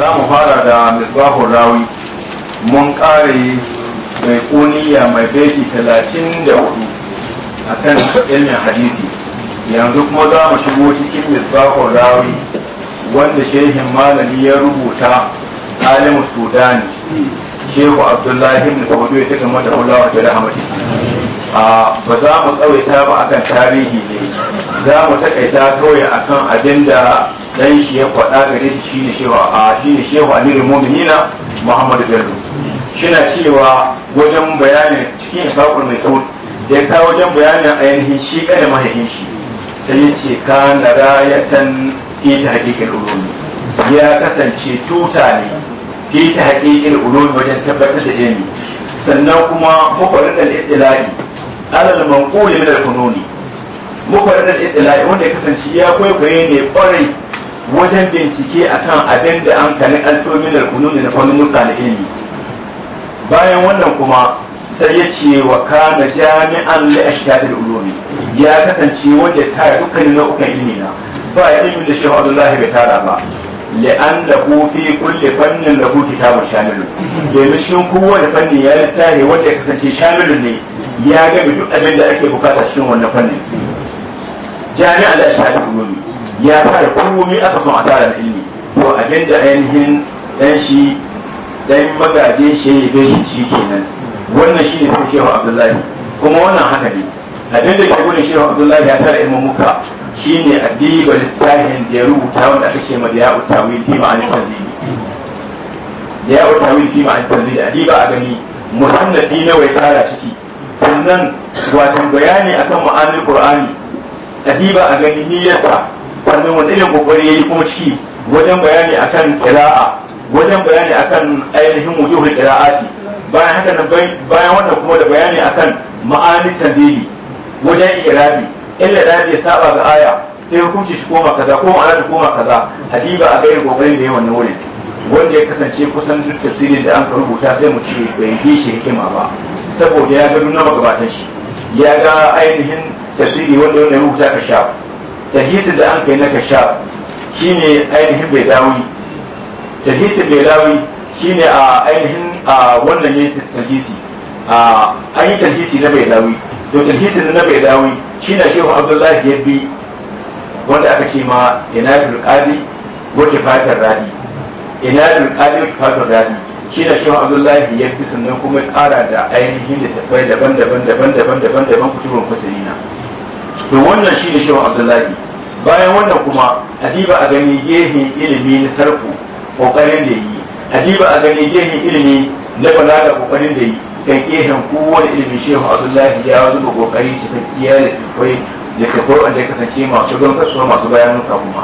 za mu fara da misbahun rawi mun kare mai kuniya mai beki talatin da hudu a kan ilmin hadisi yanzu kuma za mu shigo cikin misbahun rawi wanda shehin malami ya rubuta alimu sudani shehu abdullahi ibn tawadu ya tuka mata hulawa da rahmati a ba za mu tsawaita ba akan tarihi ne za mu takaita kawai akan abin da dan shi ya faɗa gare shi ne shehu a ne shehu amirul mu'minina muhammadu bello shina cewa wajen bayanin cikin isaƙul mai tsawon da ya kawo wajen bayanin ainihin shi kada mahaifin shi sai ya ce ka na rayatan ita hakikin ulumi ya kasance tuta ne ita hakikin ulumi wajen tabbatar da ilimi sannan kuma mukwarin da al'idilali alal manquli min al-fununi mukwarin da al'idilali wanda ya kasance ya kwaikwaye ne kwarai wajen bincike akan abin da an kani altomin alkununi na fannin mutane ilmi bayan wannan kuma sai ya ce wa kana jami'an la ashdadul ulumi ya kasance wanda ta dukkanin nau'ukan ilmi na ba ya ilmi da shehu Abdullahi bai tara ba la'an da لأنه في كل فن له كتاب شامل domin kowane fanni ya littafi wanda ya kasance shamilu ne ya gami duk abin da ake bukata cikin wannan fannin jami'a da shahadar ulumi ya fara komai aka son a tara ilimi to a da ainihin dan shi dan magaje shi ya gashi shi kenan wannan shi ne sai shehu abdullahi kuma wannan haka ne abin da ke gudun shehu abdullahi ya tara ilimin muka shi ne diba littafin da ya rubuta wanda aka ce ma da ya'u fi ma'anin tanzili da ya'u fi ma'anin a adiba a gani musannafi nawa ya tara ciki sannan watan bayani akan ma'anin qur'ani adiba a gani ni yasa sannan wani kokwari ya yi kuma ciki wajen bayani akan ƙira'a wajen bayani akan ainihin wujuhul qira'ati bayan haka na bayan wannan kuma da bayani akan ma'anin tanzili wajen irabi illa da ya saba ga aya sai hukunci shi koma kaza ko ma'ana da koma kaza hadiba a gairin kokwari da yayi wannan wurin wanda ya kasance kusan duk tafsirin da an rubuta sai mu ce bai yi shi hikima ba saboda ya ga nuna magabatan shi ya ga ainihin tafsiri wanda wanda ya rubuta ka sha tahisin da an kai na kasha shine ainihin bai dawi tahisin bai dawi shine a ainihin a wannan ne tahisi a an yi tahisi na bai dawi to tahisin na bai dawi na shehu abdullahi ya bi wanda aka ce ma yi rukadi wata fatar radi yi rukadi wata fatar radi na shehu abdullahi ya bi sannan kuma kara da ainihin da tafai daban-daban daban-daban daban-daban kutubun fasalina to wannan shi ne shehu abdullahi bayan wannan kuma adiba a gani gehen ilimi na sarku kokarin da yi adiba a gani gehen ilimi na balaga kokarin da yi kan gehen kowane ilimi shehu abdullahi ya zuba kokari cikakkiya da kai da kai wanda ya kasance masu don kasuwa masu muka kuma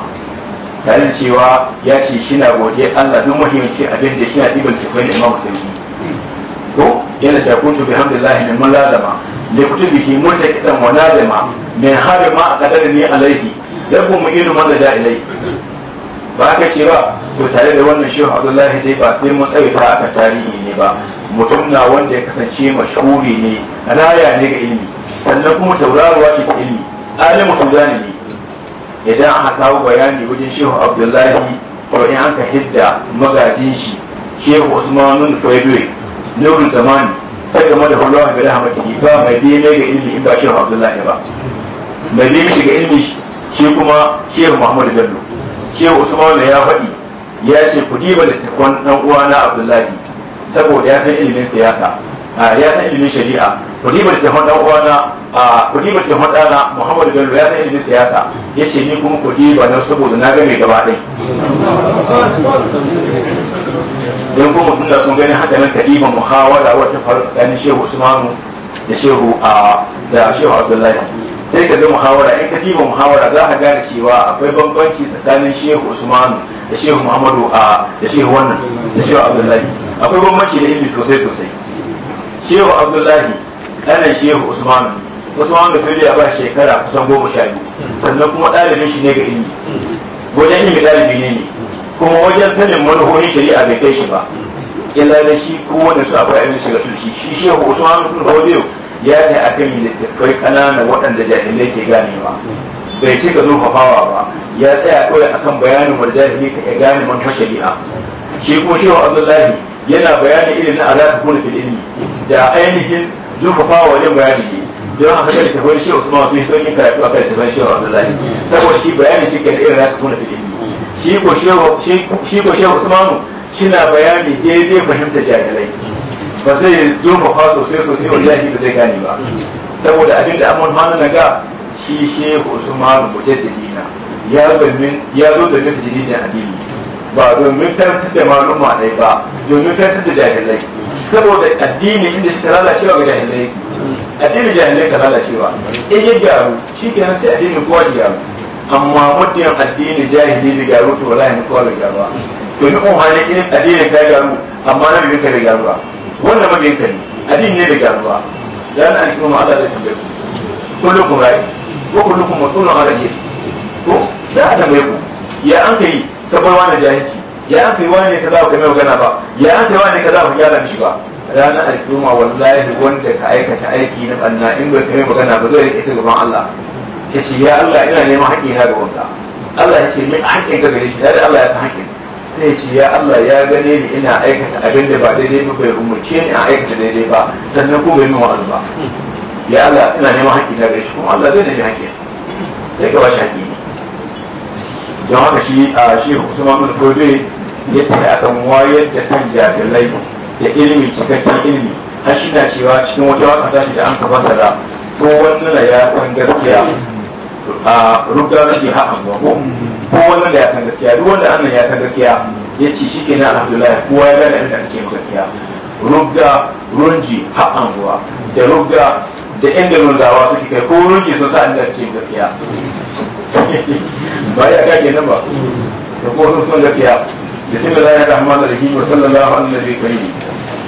tare cewa ya ce shi na godiya Allah don muhimmanci abin da shi na ɗiban da imam musulmi ko yana shakuntu bi hamdulillahi min lalama لكتبه ملتكتا منادما من هذا ما قدرني عليه يبقى مئين من لدى إليه ba ka ce ba to tare da wannan shehu abdullahi dai ba sai mun tsaye ta aka tarihi ne ba mutum na wanda ya kasance mashhuri ne raya ne ga ilimi sannan kuma tauraruwa ce ta ilimi alimu sudani ne idan aka kawo bayani wajen shehu abdullahi ko in an ka hidda magajin shi shehu usmanun faidoyi nurin zamani ta game da kwallo ga rahmatihi ba mai dele ga ilmi in ba shehu abdullahi ba mai dele shi ga ilmi shi kuma shehu muhammadu bello shehu usman ya faɗi ya ce ku diba littattafan dan uwana abdullahi saboda ya san ilimin siyasa ya san ilimin shari'a ku diba littattafan dan uwana ku diba littattafan dana muhammadu bello ya san ilimin siyasa ya ce ni kuma ku diba na saboda na game gaba ɗaya don kuma mutum da sun gani haka nan kadiba muhawara wata faru tsakanin shehu usmanu da shehu a da shehu abdullahi sai ka ga muhawara in kadiba muhawara za ka gane cewa akwai bambanci tsakanin shehu usmanu da shehu muhammadu a da shehu wannan da shehu abdullahi akwai bambanci da ilimi sosai sosai shehu abdullahi ana shehu usmanu usmanu da filiya ba shekara kusan goma sha biyu sannan kuma ɗalibin shi ne ga ilimi wajen ilimi ɗalibi ne ne kuma wajen sanin manufofin shari'a bai kai shi ba illa da shi wani su akwai abin shiga tulshi shi shi ya kusa wani sun biyu ya kai a kan littattafai ƙanana waɗanda jahilai ke ganewa bai ce ka zurfafawa ba ya tsaya kawai akan bayanin wanda jahilai ka iya gane manufar shari'a shi ko shehu abdullahi yana bayanin irin na alaƙa kuna fil ilmi da ainihin zurfafawa wajen bayani ne don haka da littattafai shehu usman sun yi sauƙin karatu akan littattafan shehu abdullahi saboda shi bayanin shi ke da irin alaƙa kuna fil ilmi shi ko shehu usmanu na bayani daidai fahimta jahilai ba zai zo ba fa sosai sosai wa jahili ba zai gane ba saboda abin da amon hannu na ga shi shehu usmanu mujaddidi na ya zo domin ya zo da tafsirin addini ba domin tantar da maluma dai ba domin tantar da jahilai saboda addini inda shi ta lalacewa ga jahilai addini jahilai ta lalacewa in ya gyaru shi kenan sai addini kowa da gyaru amma muddin addini jahili da garu to wallahi ne ko bai garu to ni on ne kin addini ka garu amma na bi ka bai garu wannan mabin ka ne addini ne da garu dan an kuma Allah da tambaye kullukum ra'i kullu kullukum mas'ulun an ra'yi ko da da ya ku ya an kai ka bar wani jahili ya an kai wani kaza ka mai magana ba ya an kai wani kaza ka gyara mishi ba ranar alkiyoma wallahi wanda ka aikata aiki na banna in bai kai magana ba zai rike gaban Allah ya ce ya Allah ina neman haƙƙi na ga wanda Allah ya ce min haƙƙin ka gare shi da Allah ya san haƙƙin sai ya ce ya Allah ya gane ni ina aikata abin da ba daidai ba bai umurce ni a aikata daidai ba sannan ko bai min wa'azi ba ya Allah ina neman haƙƙi na gare shi kuma Allah zai nemi haƙƙi sai ka ba shi haƙƙi don haka shi a shi Usman bin Fodi ya tafi akan wayar da kan jahilai da ilimi cikakken ilimi har shi na cewa cikin wata waka ta da an ka fasara ko wannan ya san gaskiya rubda rabi ha an gwamo ko wannan da ya san gaskiya duk wanda annan ya san gaskiya ya ce shi kenan alhamdulillah kowa ya gane inda ake gaskiya rubda runji ha an ruwa da rubda da inda rundawa suke kai ko runji sun sa inda ake gaskiya ba ya kage nan ba da ko sun san gaskiya bismillahir rahmanir rahim wa sallallahu alaihi wa sallam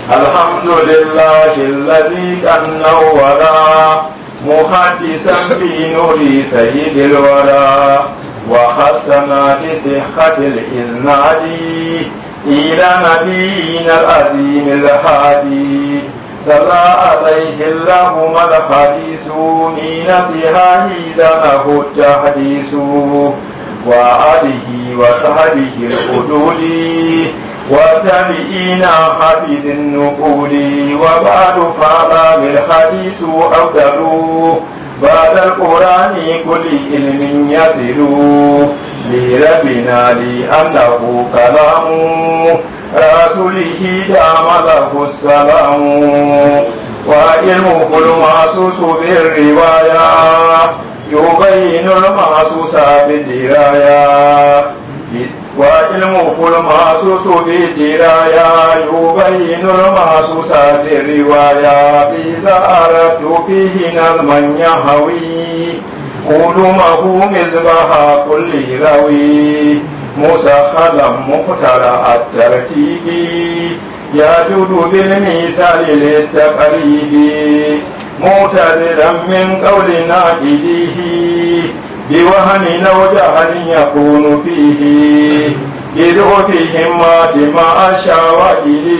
الحمد لله الذي كان ولا محدثا بنور سيد الورى وختما بصحة الإذناد إلى نبينا العظيم الهادي صلى عليه اللهم الحديث من صحاه له التحديث وعليه وصحبه الحدود وتبئين حفيد النقول وبعد فهذا بالحديث أفضلوه بعد القرآن كل علم يصلوه لربنا لأنه كلام رسوله دام له السلام وعلمه المعصوص بالرواية يبين المعصوص بالدراية وعلم كل محسوس بدرايا يبين المحسوس بالرواية بزارة فيه من يهوي علومه مذبح كل روي مسخلا مخترع الترتيب يجود بالمثال للتقريب معتذرا من قول ناقده بوهن وجهل يكون فيه إذ فيهما ما الشواكل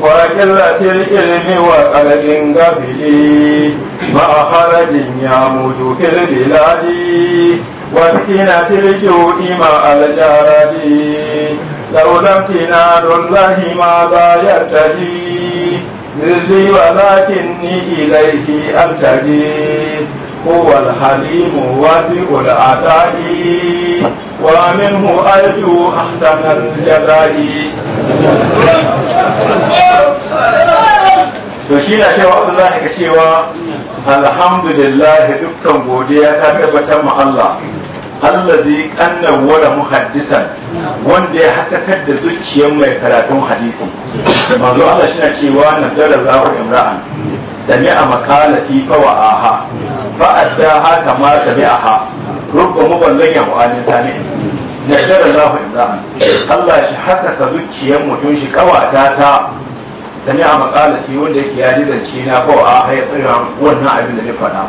وقلة العلم وقلق قبلي مع خرج يعمد في البلاد وسكنة الجود مع الجرد لو لم تنال الله ماذا يرتدي زلزي ولكني إليه أرتدي هو الحليم واسع العطاء ومنه أرجو أحسن الجزاء to shi na cewa abu za ka cewa alhamdulillah dukkan godiya ta tabbatar ma Allah allazi kannan wada muhaddisan wanda ya haskakar da zuciyar mai karatun hadisi manzo Allah shi na cewa nazara zawo imra'an سمع مقالتي فوعاها فأداها كما سمعها رب مبلغ وعن سامع نشر الله إمرأة الله شحسك ذكي يمتون شكواتاتا sami a makalaci wanda yake ya zance na ko a haya tsira wannan abin da ya faɗa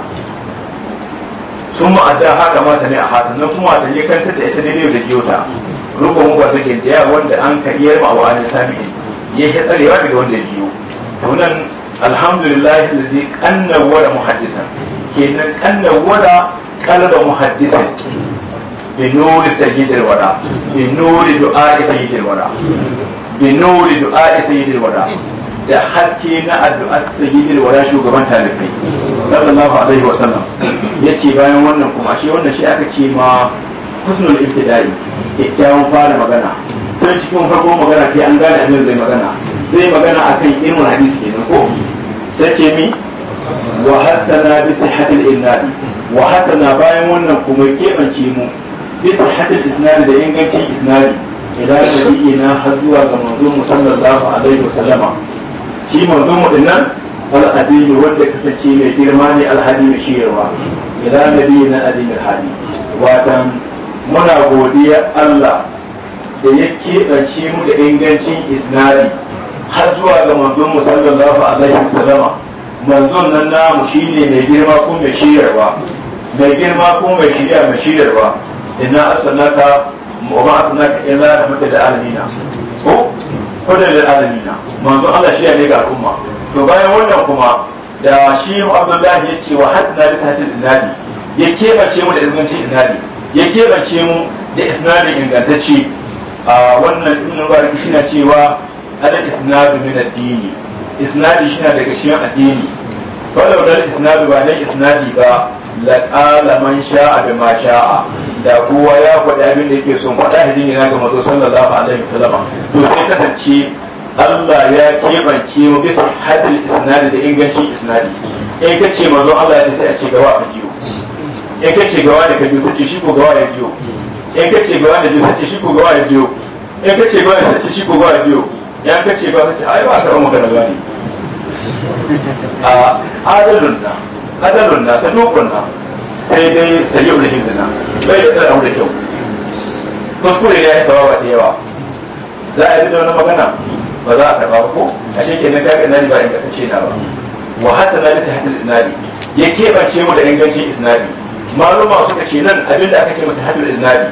sun ma'adda haka ma sami a hasan na kuma da ya kantar da ita daidai da jiyota rukun mu wanda ke da wanda an ka iya ma wa an ya ke tsarewa daga wanda ya jiyo alhamdulillah allazi kannawara muhaddisan kenan kannawara kalada muhaddisan bi nuri sayyidil wada bi nuri du'a sayyidil wada bi nuri du'a sayyidil wada da haske na addu'a sayyidil wada shugaban talibai sallallahu alaihi wa sallam yace bayan wannan kuma shi wannan shi aka ce ma husnul ibtida'i kyakkyawan fara magana don cikin farko magana ke an gane annabi zai magana zai magana akan ilmul hadisi kenan ko sai ce mi wa hasana bi sihhatil isnad wa hasana bayan wannan kuma kebance mu bi sihhatil isnadi da ingancin isnad ila ina har zuwa ga manzo mu alaihi alaihi wasallama shi manzo mu dinnan adini wanda kasance mai girma ne alhadi mai shiyarwa ila nabiyina azimil hadi watan muna godiya Allah da ya keɓanci mu da ingancin isnadi har zuwa ga manzon mu sallallahu alaihi salama manzon nan namu shine mai girma ko mai shiryarwa mai girma ko mai shirya mai shirarwa inna asallaka wa ma asallaka illa da alamina ko ko da alamina manzon Allah shi ne ga al'umma to bayan wannan kuma da shi Abdullahi ya ce wa hasna bi sahati al ya kebace mu da izgancin inadi ya kebace mu da isnadin ingantacce a wannan ibn Mubarak shi na cewa al isnadu min addini isnadi shi na daga cikin addini walau dal isnadu ba ne isnadi ba la qala man sha'a bi ma sha'a da kowa ya faɗi abin da yake son faɗa hidin ina ga mato sallallahu alaihi wasallam to sai kasance Allah ya kebance mu bisa hadil isnadi da ingancin isnadi in ka ce manzo Allah ya sai a ce gawa ka jiyo in ka ce gawa da ka jiyo sai shi ko gawa ya jiyo in ka ce gawa da jiyo sai shi ko gawa ya jiyo in ka ce gawa sai shi ko gawa ya jiyo ya kace ba kace ai ba sabon magana ba ne a adalun da adalun na dokon da sai dai sayi ulul hizna bai da tsara da kyau kuskure ya yi sababa da yawa za a yi da wani magana ba za a ba ko a shi kenan kaga nani ba inda kace na ba wa hasana li tahdil isnadi ya kebace mu da ingancin isnadi maluma suka ce nan abinda aka ce masa hadil isnadi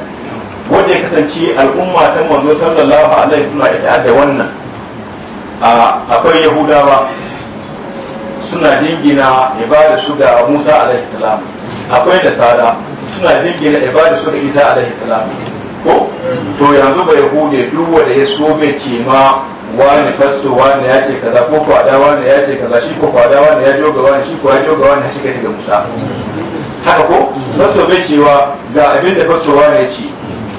wanda ya kasance al'umma ta manzo sallallahu alaihi wa sallam ita da wannan akwai yahudawa suna jingina ibada su ga musa alaihi salam akwai da sada suna jingina ibada su ga isa alaihi salam ko to yanzu bai hude duk wanda ya so bai ce ma wani fasto wani ya ce kaza ko kwada wani ya ce kaza shi ko kwada wani ya joga wani shi ko ya joga wani shi kai ga musa haka ko fasto bai cewa ga abin da fasto wani ya ce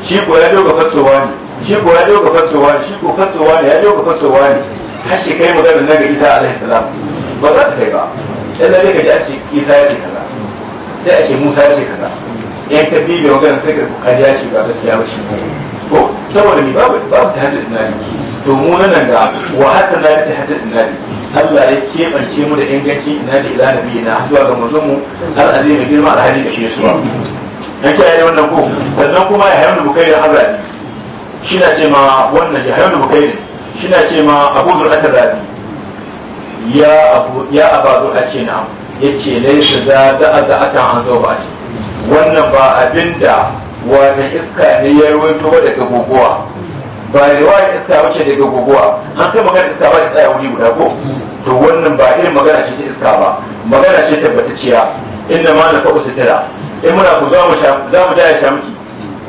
shi ko ya joga fasto wani shi ko ya joga fasto wani shi ko fasto wani ya joga fasto wani har shi kai maganar nan ga isa alaihi salam ba za ka kai ba dan lalle ka ji a ce isa ya ce kaza sai a ce musa ya ce kaza yan ka bibi maganar sai ka kariya ce ba gaskiya ba shi ko saboda ni babu babu ta hadda ne to mu nan da wa hasan da ta hadda ne. Allah ya kebance mu da inganci ina da ila nabi na zuwa ga manzon mu har mai girma alhaji da shi suwa yake yayin wannan ko sannan kuma ya hayyana bukai da habrani shi na ce ma wannan ya hayyana bukai ne shina ce ma abu zur'atar razi ya abu ya abu zur'ace na yace laysa za za za ata an zo ba wannan ba abinda wani iska ne ya rawaito daga guguwa ba riwayar iska wace daga guguwa an sai magana iska ba da tsaya wuri guda ko to wannan ba irin magana ce ta iska ba magana ce tabbatacciya inda ma na fa usutira in muna ku za mu sha za mu ta ya shamki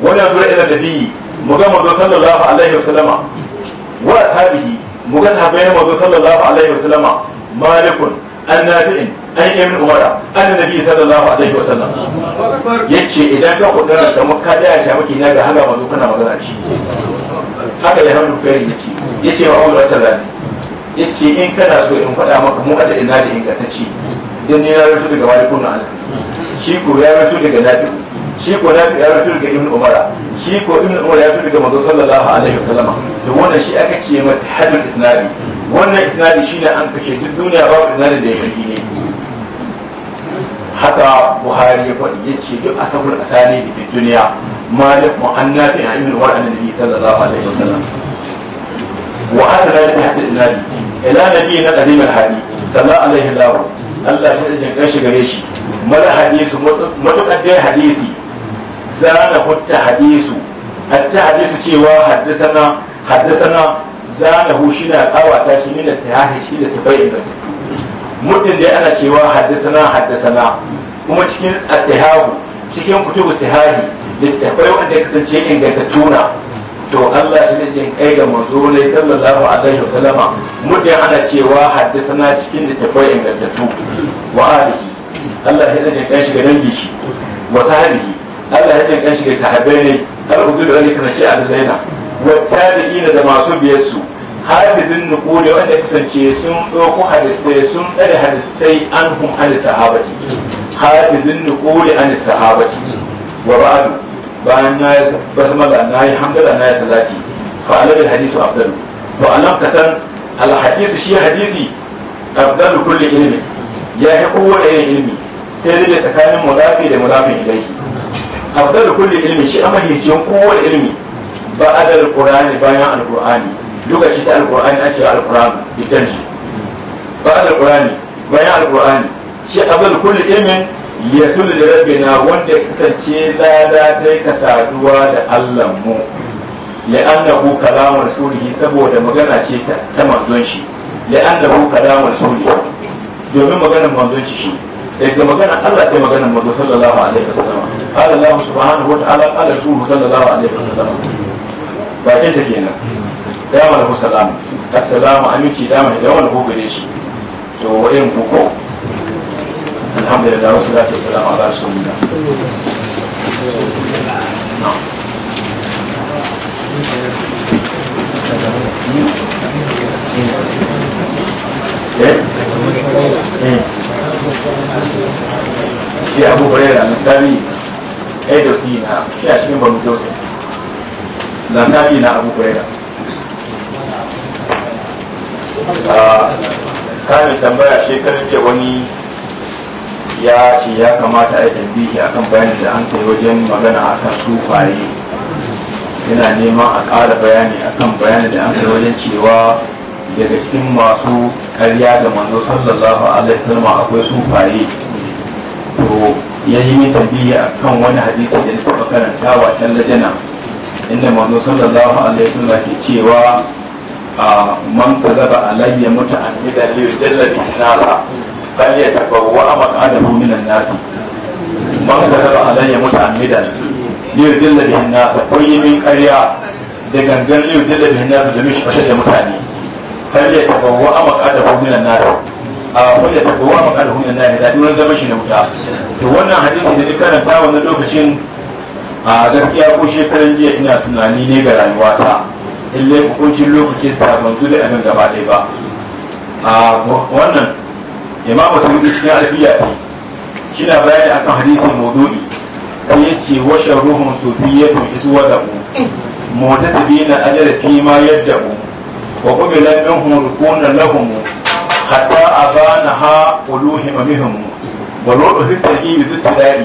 wannan zura ila da biyi mu ga zo sallallahu alaihi wasallama wa ashabihi muga sahabbai manzo sallallahu alaihi wasallama malikun an nafi'in an ibn umara an nabi sallallahu alaihi wasallam yace idan ka kudura da muka daya sha miki ga hanga manzo kana magana haka ya hannu kai yace yace wa umar kaza yace in kana so in faɗa maka mu da ina da ingantacce dan ne ya rutu daga malikun anas shi ko ya rutu daga nafi'u shi ko nafi'u ya rutu daga ibn umara shi ko ibn umar ya fi ga manzo sallallahu alaihi wasallam to wannan shi aka ce masa hadith isnadi wannan isnadi shine an kashe duk duniya babu isnadi da ya fi ne haka buhari ya faɗi ya ce duk asabul asali da fi duniya malik mu'annafi ya ibn umar annabi sallallahu alaihi wasallam wa atala bi hadith isnadi ila na qadim al-hadi sallallahu alaihi wasallam Allah ya jinka shi gare shi mala hadisi matuƙaddai hadisi zana hutta hadisu hatta hadisu cewa haddasana haddasana zana hu shi na kawata shi mina sahihi shi da tabayin da muddin dai ana cewa haddasana haddasana kuma cikin asihahu cikin kutubu sahihi littafai wanda kasance ingantattu na to Allah ya jin kai ga manzo ne sallallahu alaihi wasallama muddin ana cewa haddasana cikin littafai ingantattu wa alihi Allah ya Allah ya ɗinka shi ga sahabbai ne har hudu da wani kasance a dalaila da ina da masu biyar su hadisin wanda kasance sun ɗauko hadisai sun hadisai an hun an sahabati hadisin nukuri an sahabati wa ba'adu bayan na yi basa maza na yi hamdala na yi salati fa alaɗin hadisu abdalu to alam alhadisu shi hadisi abdalu kulli ilmi ya yi kowane ilimi sai dai tsakanin muzafi da muzafin ilaihi afdal kulli ilmi shi amma ne cikin kowane ilmi ba adal qur'ani bayan alqur'ani lokaci ta alqur'ani a ce alqur'ani bitanji ba adal qur'ani bayan alqur'ani shi afdal kulli ilmin yasul da rabbina wanda kasance lada ta yi kasaduwa da Allah mu la'annahu kalamu rasulihi saboda magana ce ta manzon shi la'annahu kalamu rasulihi domin magana manzon shi daga magana Allah sai magana manzo sallallahu alaihi wasallam qala Allah subhanahu wa ta'ala qala rasuluhu sallallahu alaihi wasallam bakin ta kenan da mala salam assalamu alaikum da mala jawal ko gare shi to wayin ku ko alhamdulillah wassalatu wassalamu ala rasulillah Yeah. shi abu huraira misali ai da ah, fi na shi a cikin banu jausa lantarki na abu huraira ah, sami tambaya shekarar ke wani ya ce ya kamata a yi tambihi a kan bayanin da an kai wajen magana a kan sufaye yana neman a ƙara bayani a kan bayanin da an kai wajen cewa daga cikin masu karya da manzo sallallahu alaihi wasallam akwai sufaye to ya yi min tambayi akan wani hadisi da ta taɓa karantawa can lajana inda manzo sallallahu alaihi wasallam ke cewa a man kazaba alayya muta'addidan li yudalla bi nasa bal yatabawwa maq'adahu minan nas man kazaba alayya muta'addidan li yudalla bi nara ko yi min karya da gangan li yudalla bi nara da mishi fashe da mutane falle ta bawa a makada hukunan nari a falle ta bawa a makada hukunan nari da duwar zama shi na wuta to wannan hadisi da dukkan ta wannan lokacin a gaskiya ko shekaran jiya ina tunani ne ga rayuwa ta illai hukuncin lokaci ta ban da abin gaba ɗaya ba a wannan imamu sauri cikin alfiya ne shi na bayani akan hadisi maudu'i sai ya ce washe ruhun sufiyyatun isuwa da mu mota sabina ajara fi ma yadda mu وقبل منهم ركونا لهم حتى أبانها قلوهم منهم والوضع في الترئيم ذو التداري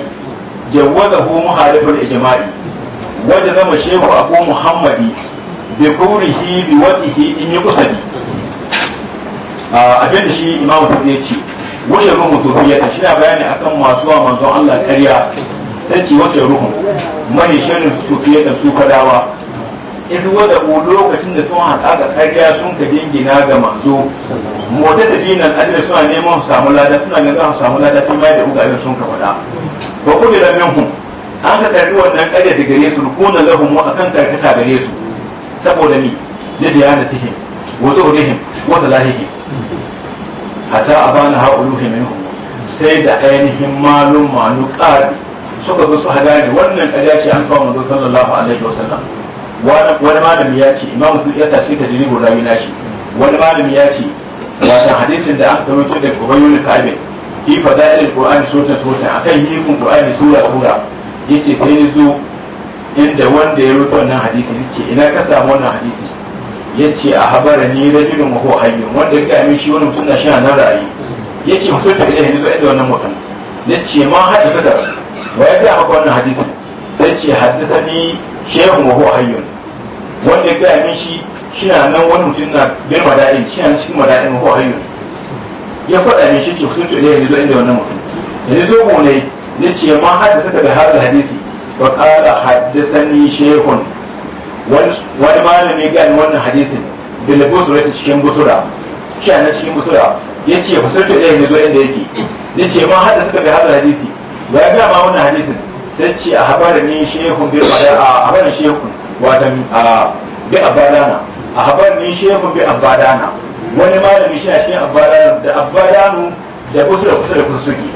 جوزه مخالف الإجماع وجزم الشيخ أبو محمد بقوله بوجهه إن يقصد abin da shi imam sun ya ce wasu ruhun sufiyata shi na bayani akan masuwa wa manzon Allah karya sai ce ruhu ruhun mai shanin da su kadawa izuwa da ku lokacin da sun haɗa kariya sun ka jingina ga manzo mota da nan ajiyar suna neman su samu lada suna ganin su samu lada sun mai da uga abin sun ka faɗa ba ku da hun an ka karbi wannan ƙarya da gare su rukuna mu a kan karkata gare su saboda ni da diyana tihim wa hata a ba na abana ha'uluhi hun sai da ainihin malum manu suka zo su hada wannan ƙarya ce an kawo manzo sallallahu alaihi sallam. wani malami ya ce imam su ya tashi ta jirgin rawi na shi wani malami ya ce wata hadisin da an karanto da ubayyun kabe fi fadailul qur'ani sota sota akan hikun qur'ani sura sura yace sai ni zo inda wanda ya rubuta wannan hadisi yace ina ka samu wannan hadisi yace a habara ni rajulun wa huwa hayyun wanda ya min shi wani mutum na shi nan ra'ayi yace mu sota ilai ni zo inda wannan mutum yace ma hadisa da wa ya ga maka wannan hadisi sai ce ni. shaykhun wa huwa hayyun wanda ya gaya min shi shina nan wani mutum na bin mada'in shina cikin mada'in wa huwa hayyun ya faɗa min shi ce sun tuɗe ya zo inda wannan mutum yanzu zo mu ne ya ce ma hada saka da hada hadisi wa kala haddasani shehun wani malami ni wannan hadisin bil busra cikin shi na cikin busura ya ce fasarta ɗaya ya zo inda yake ya ce ma hada saka da hada hadisi ba ya ma wannan hadisin ce a da ni shehun bi a habar shehun watan bi abadana a da ni shehun bi abadana wani malami shi a cikin abadana da abadanu da kusa da kusa da kusuki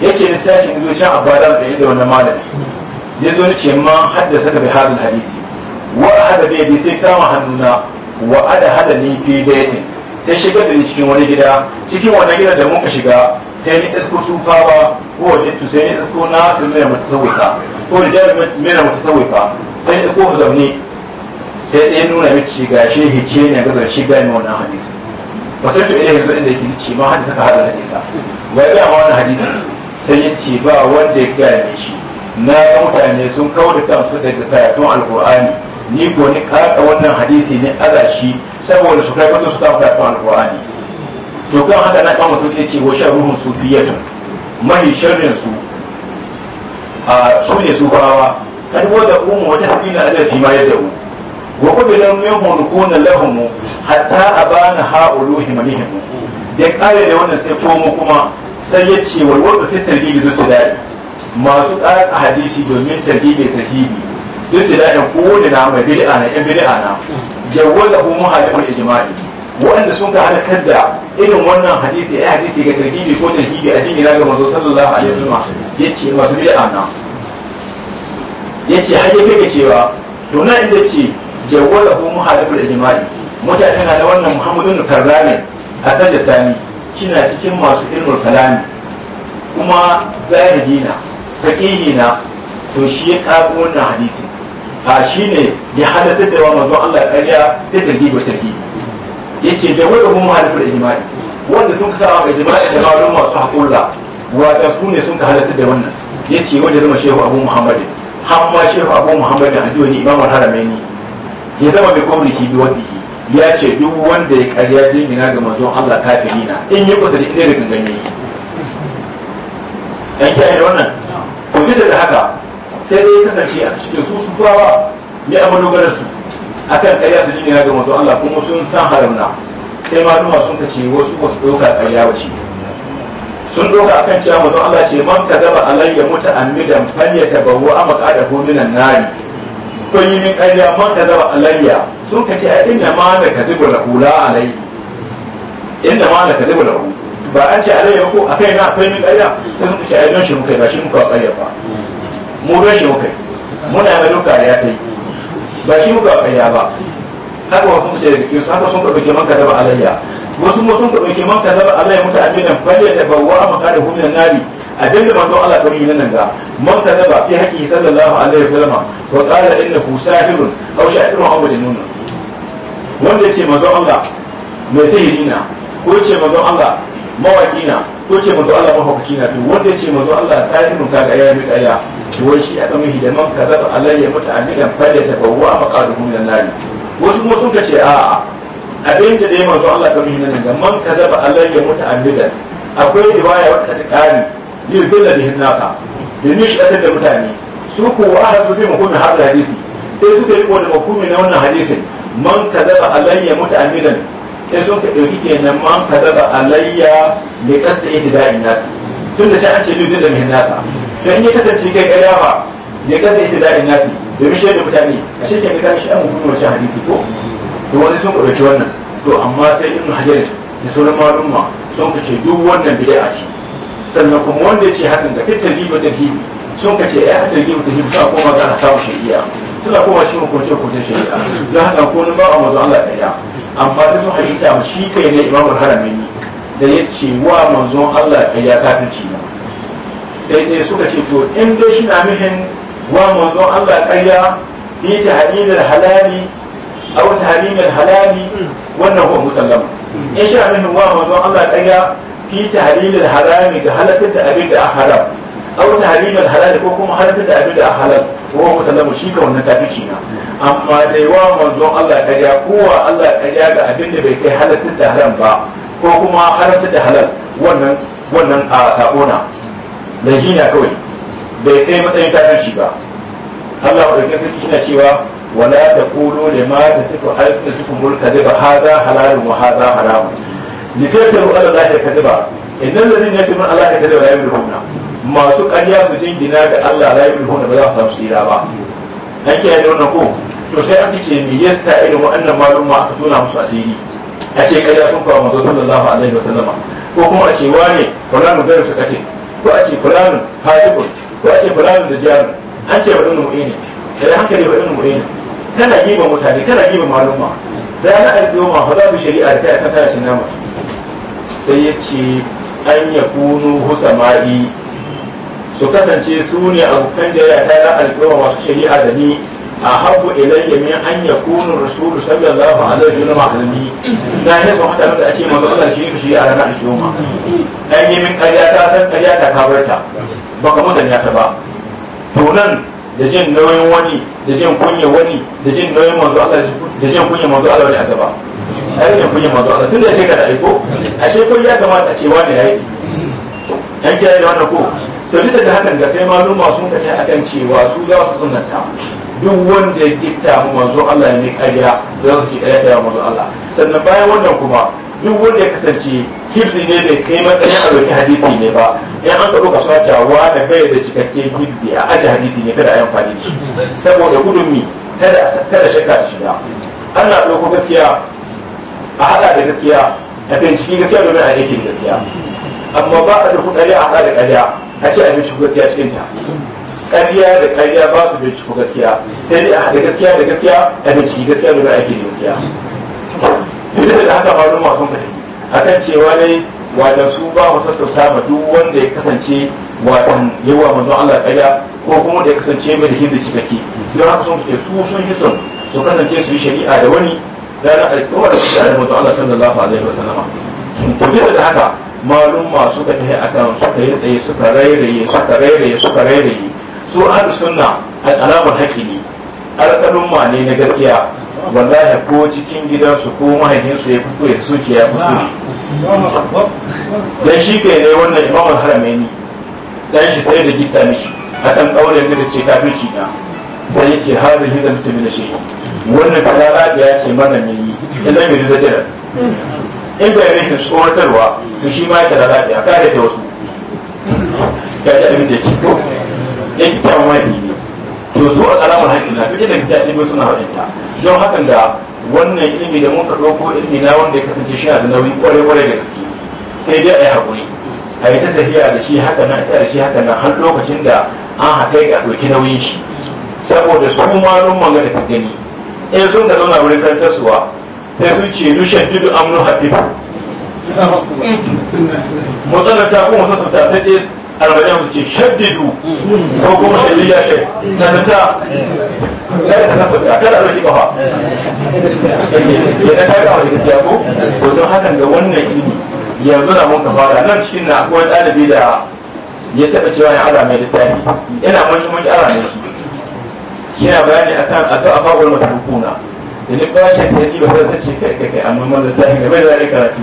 yace ni tashi ni zo can abadana da yadda wannan malami ya zo ni ce ma haddasa ka bi hadin hadisi wa hada bi bi sai kama hannuna wa ada hada ni fi dayatin sai shigar da ni cikin wani gida cikin wani gida da muka shiga sai ni isko ba ko tu sai ni isko na mera mutasawwika ko rijalar mera mutasawwika sai ni isko zaune sai ɗaya nuna mi ci ga shi ce ne ga zarshi shi gani wannan hadisi ba sai to yanzu inda yake ci ma hadisi ka hada na isa ba ya ma wannan hadisi sai ya ci ba wanda ya gane shi na ga mutane sun kawo da kansu daga karatun alkur'ani ni ko ni kaka wannan hadisi ne aza shi saboda su kai su kafa karatun alkur'ani to kuma haka na kama sun ce wa sharruhum sufiyatun mahi sharrin su a su ne sufawa kan da umu wata na allati ma yad'u wa qubila minhum kuna lahumu hatta abana uluhi himamihim da kare da wannan sai komo kuma sai ya ce wal wadu fi tarhibi zuwa dai masu ƙara hadisi domin tarhibi tarhibi zuwa dai ko da na mai bid'a na yan bid'a na jawaza mu muhalifun ijma'i waɗanda sun ka kan da irin wannan hadisi ya hadisi ga tarjibi ko tarjibi a jingina ga manzo sallallahu alaihi wasallam yace masu bid'a na yace har ya kai cewa to na inda ce jawwala Muhalifu da jima'i, mutane na da wannan muhammadun karrami a sanda Sani, kina cikin masu ilmul kalami kuma zahirina na, to shi ya kago wannan hadisi a shine ya halatar da wa manzo Allah ya ƙarya da tarjibi tarjibi yace da wai mun halifa da jima'i wanda sun kasa a jima'i da malum masu haƙulla wata su ne sun ka halatta da wannan ce wanda zama shehu abu muhammadu hamma shehu abu muhammadu a jiwani imamul haramaini ya zama mai kwamri shi biyu wani ya ce duk wanda ya karya jingina ga mazon Allah kafiri na in yi kusa da ita da ganganye yan kiyaye da wannan ko bisa da haka sai dai kasance a cikin su su kurawa ne a madogarar akan ƙarya su jini ga manzo Allah kuma sun san haramna sai maluma sun ka ce wasu ba su ɗauka ƙarya ba ce sun ɗauka akan cewa manzo Allah ce man ka zaba alayya muta'ammidan falyatabawwa amqadahu minan nari ko yi min ƙarya man ka zaba ya sun ka ce a inna ma da kazibu lahula alayhi inda ma da kazibu lahu ba an ce alayya ko akai na akwai min ƙarya sai muka ce yi don shi muka ba shi muka ƙarya ba mu don shi muka muna mai duka da ya kai ba shi muka kaiya ba haka wasu ce zikin su haka sun ka ke manka daba alayya wasu mu sun ka ke manka daba alayya muta ajinan falle da bawa maka da na nari abin da manzo Allah kari nan ga man kadaba fi haƙi sallallahu alaihi wa wasallam wa inda ku sahirun irin sha'irun da nuna wanda ce manzo Allah mai sihiri na ko ce manzo Allah mawaki na ko ce manzo Allah mafaukaki na to wanda ce manzo Allah sahirun kaga ya yi kaya shi da وشيء أمه لمن كذب علي متعمدا فليتبوأ مقعده من النار wasu kuma sun kace a abin da dai manzo Allah ka mihin nan man a Allah ya a amida akwai riwaya wadda ta kari lil billa bihin naka da ni shi da mutane su ko wa su bi mutum har da hadisi sai suka yi kowane hukumi na wannan hadisin man kazaba Allah ya a amida sai sun ka ɗauki kenan man kazaba Allah ya ne da'in nasa tun da sai an ce lil billa bihin nasa dan ya kasance kai ƙarya ba ya kasance ita daɗin nasi da bishiyar da mutane a shekin da kashi an hukumar cin hadisi ko to wani sun kudurci wannan to amma sai ibnu hajar da sauran malumma sun kace ce duk wannan bid'a ce sannan kuma wanda ya ce hakan da fitar jiba ta fi sun kace ya hatar jiba ta fi sa koma ga samun shari'a suna koma shi hukunce hukuncen shari'a don haka ko ni ba a mazu Allah ɗaya amma da sun hadita shi kai ne imamul haramaini da ya ce wa manzon Allah ɗaya kafirci ne sai suka ce to in dai shi na mihin wa manzo Allah ƙarya bi ta halilin halali aw ta halilin halali wannan huwa musallama in shi na mihin wa manzo Allah ƙarya fi ta halilin halali ga halatar da abin da a haram aw ta halali ko kuma halatar da abin da a halal huwa musallama shi ka wannan shi na amma dai wa manzo Allah ƙarya kowa Allah ƙarya ga abin da bai kai halatar da haram ba ko kuma halatar da halal wannan wannan a sabona laifi na kawai bai kai matsayin kafirci ba Allah wa ɗauke sarki shi na cewa wala ta kulo da ma da suka harsu suka mulka zai ba haza halalun wa haza haramun nifaita ruwa da lafiya ka zuba idan da zai nafi man Allah ka zuba rayu da masu ƙarya su jingina da Allah rayu da ba za su samu tsira ba an kiyaye da wannan ko to sai an ce ni yasa irin waɗannan malumma aka tona musu asiri a ce ƙarya sun kawo manzo sallallahu alaihi wa sallama ko kuma a ce wane wala mu gairu su kace ko a ce fulanin hasibun ko a ce fulanin da jiyarun an ce wani mu'i ne da ya haka ne wani mu'i ne kana giba mutane kana giba maluma da na ma fa za ku shari'a da kai akan shi nama sai ya ce an ya kunu husama'i su kasance su ne abokan jaya ta yi alƙiyoma masu shari'a da ni ahabbu ilayya min an yakuna rasul sallallahu alaihi wasallam alimi na ne ba mutane da ake manzo Allah shi shi a ranar kiyama نحن yi min kariya ta san kariya ta kabarta baka mutane ta ba to da jin nauyin wani da jin kunya wani da jin nauyin manzo Allah da jin kunya manzo Allah da ba ai jin kunya manzo Allah tun da ka da aiko ashe kun ya kamata a ce wani yayi yan kiyaye da wannan ko to duk da hakan ga sai malum masu kace akan cewa su za su tsunanta duk wanda ya gifta mu manzo Allah ne kariya za su ci ɗaya manzo Allah sannan bayan wannan kuma duk wanda ya kasance hibzi ne bai kai matsayin a roki hadisi ne ba in an ka ɗauka suna wa da bai da cikakke hibzi a aji hadisi ne kada a yi amfani saboda gudun kada shakka shi da ana ɗauko gaskiya a hada da gaskiya a binciki gaskiya domin a aikin gaskiya amma ba a da kuɗari a hada da ƙarya a ce a binciki gaskiya cikin ta Kariya da kariya ba su binciko gaskiya sai dai a haɗa gaskiya da gaskiya a binciki gaskiya da aiki da gaskiya duk da haka faru sun fahimci akan cewa ne wata su ba mu sassauta ma duk wanda ya kasance watan yawa manzon Allah ƙarya ko kuma da ya kasance mai da hindi cikaki don haka sun fice su sun yi sun su kasance su yi shari'a da wani ranar alƙawar da da manzon Allah sallallahu alaihi wa sallama to duk da haka malum masu ka tafi akan suka yi tsaye suka rairaye suka rairaye suka rairaye su ahlu sunna al'alamar haƙi ne alƙalumma ne na gaskiya wallahi ko cikin gidansu ko mahaifinsu ya fito ya soke ya fito dan shi kai ne wannan imamul haramaini dan shi sai da gita mishi akan daure ne da ce kafirci na sai yace hadhihi zamtu da shi wannan kalala da ya ce mana me yi idan mai da jira in ga yake tsoratarwa to shi ma kalala da ya kare da wasu ga abin da ya ce yan kitan wani ne to su a karamar haƙƙi na fiye da fita ɗin suna haɗinta don hakan da wannan ilimi da muka ɗauko ilimi na wanda ya kasance shi da nauyi ƙwarai ƙwarai da gaske sai dai a yi haƙuri a yi ta tafiya da shi haka nan ta da shi haka nan har lokacin da an haƙai a ɗauki nauyin shi saboda su ma malumman ga da ka gani in sun ka zauna wurin karantarsuwa sai sun ce nushen dudu amnu haɗifu matsalar ta kuma sassa sai dai arba'in mutum shaddidu ko kuma shaddi ya shai sanata ya yi sanata a kan arba'in kafa ya na kaga wani gaskiya ko ko don hakan ga wannan ilimi ya na mun fara nan cikin na akwai ɗalibi da ya taɓa cewa ya ala mai littafi yana manci manci ala ne shi yana bayani akan addu'a fa'ul mutarukuna da ni ba shi ta yi ba sai ce kai kai kai amma man da ta yi bai da zai karatu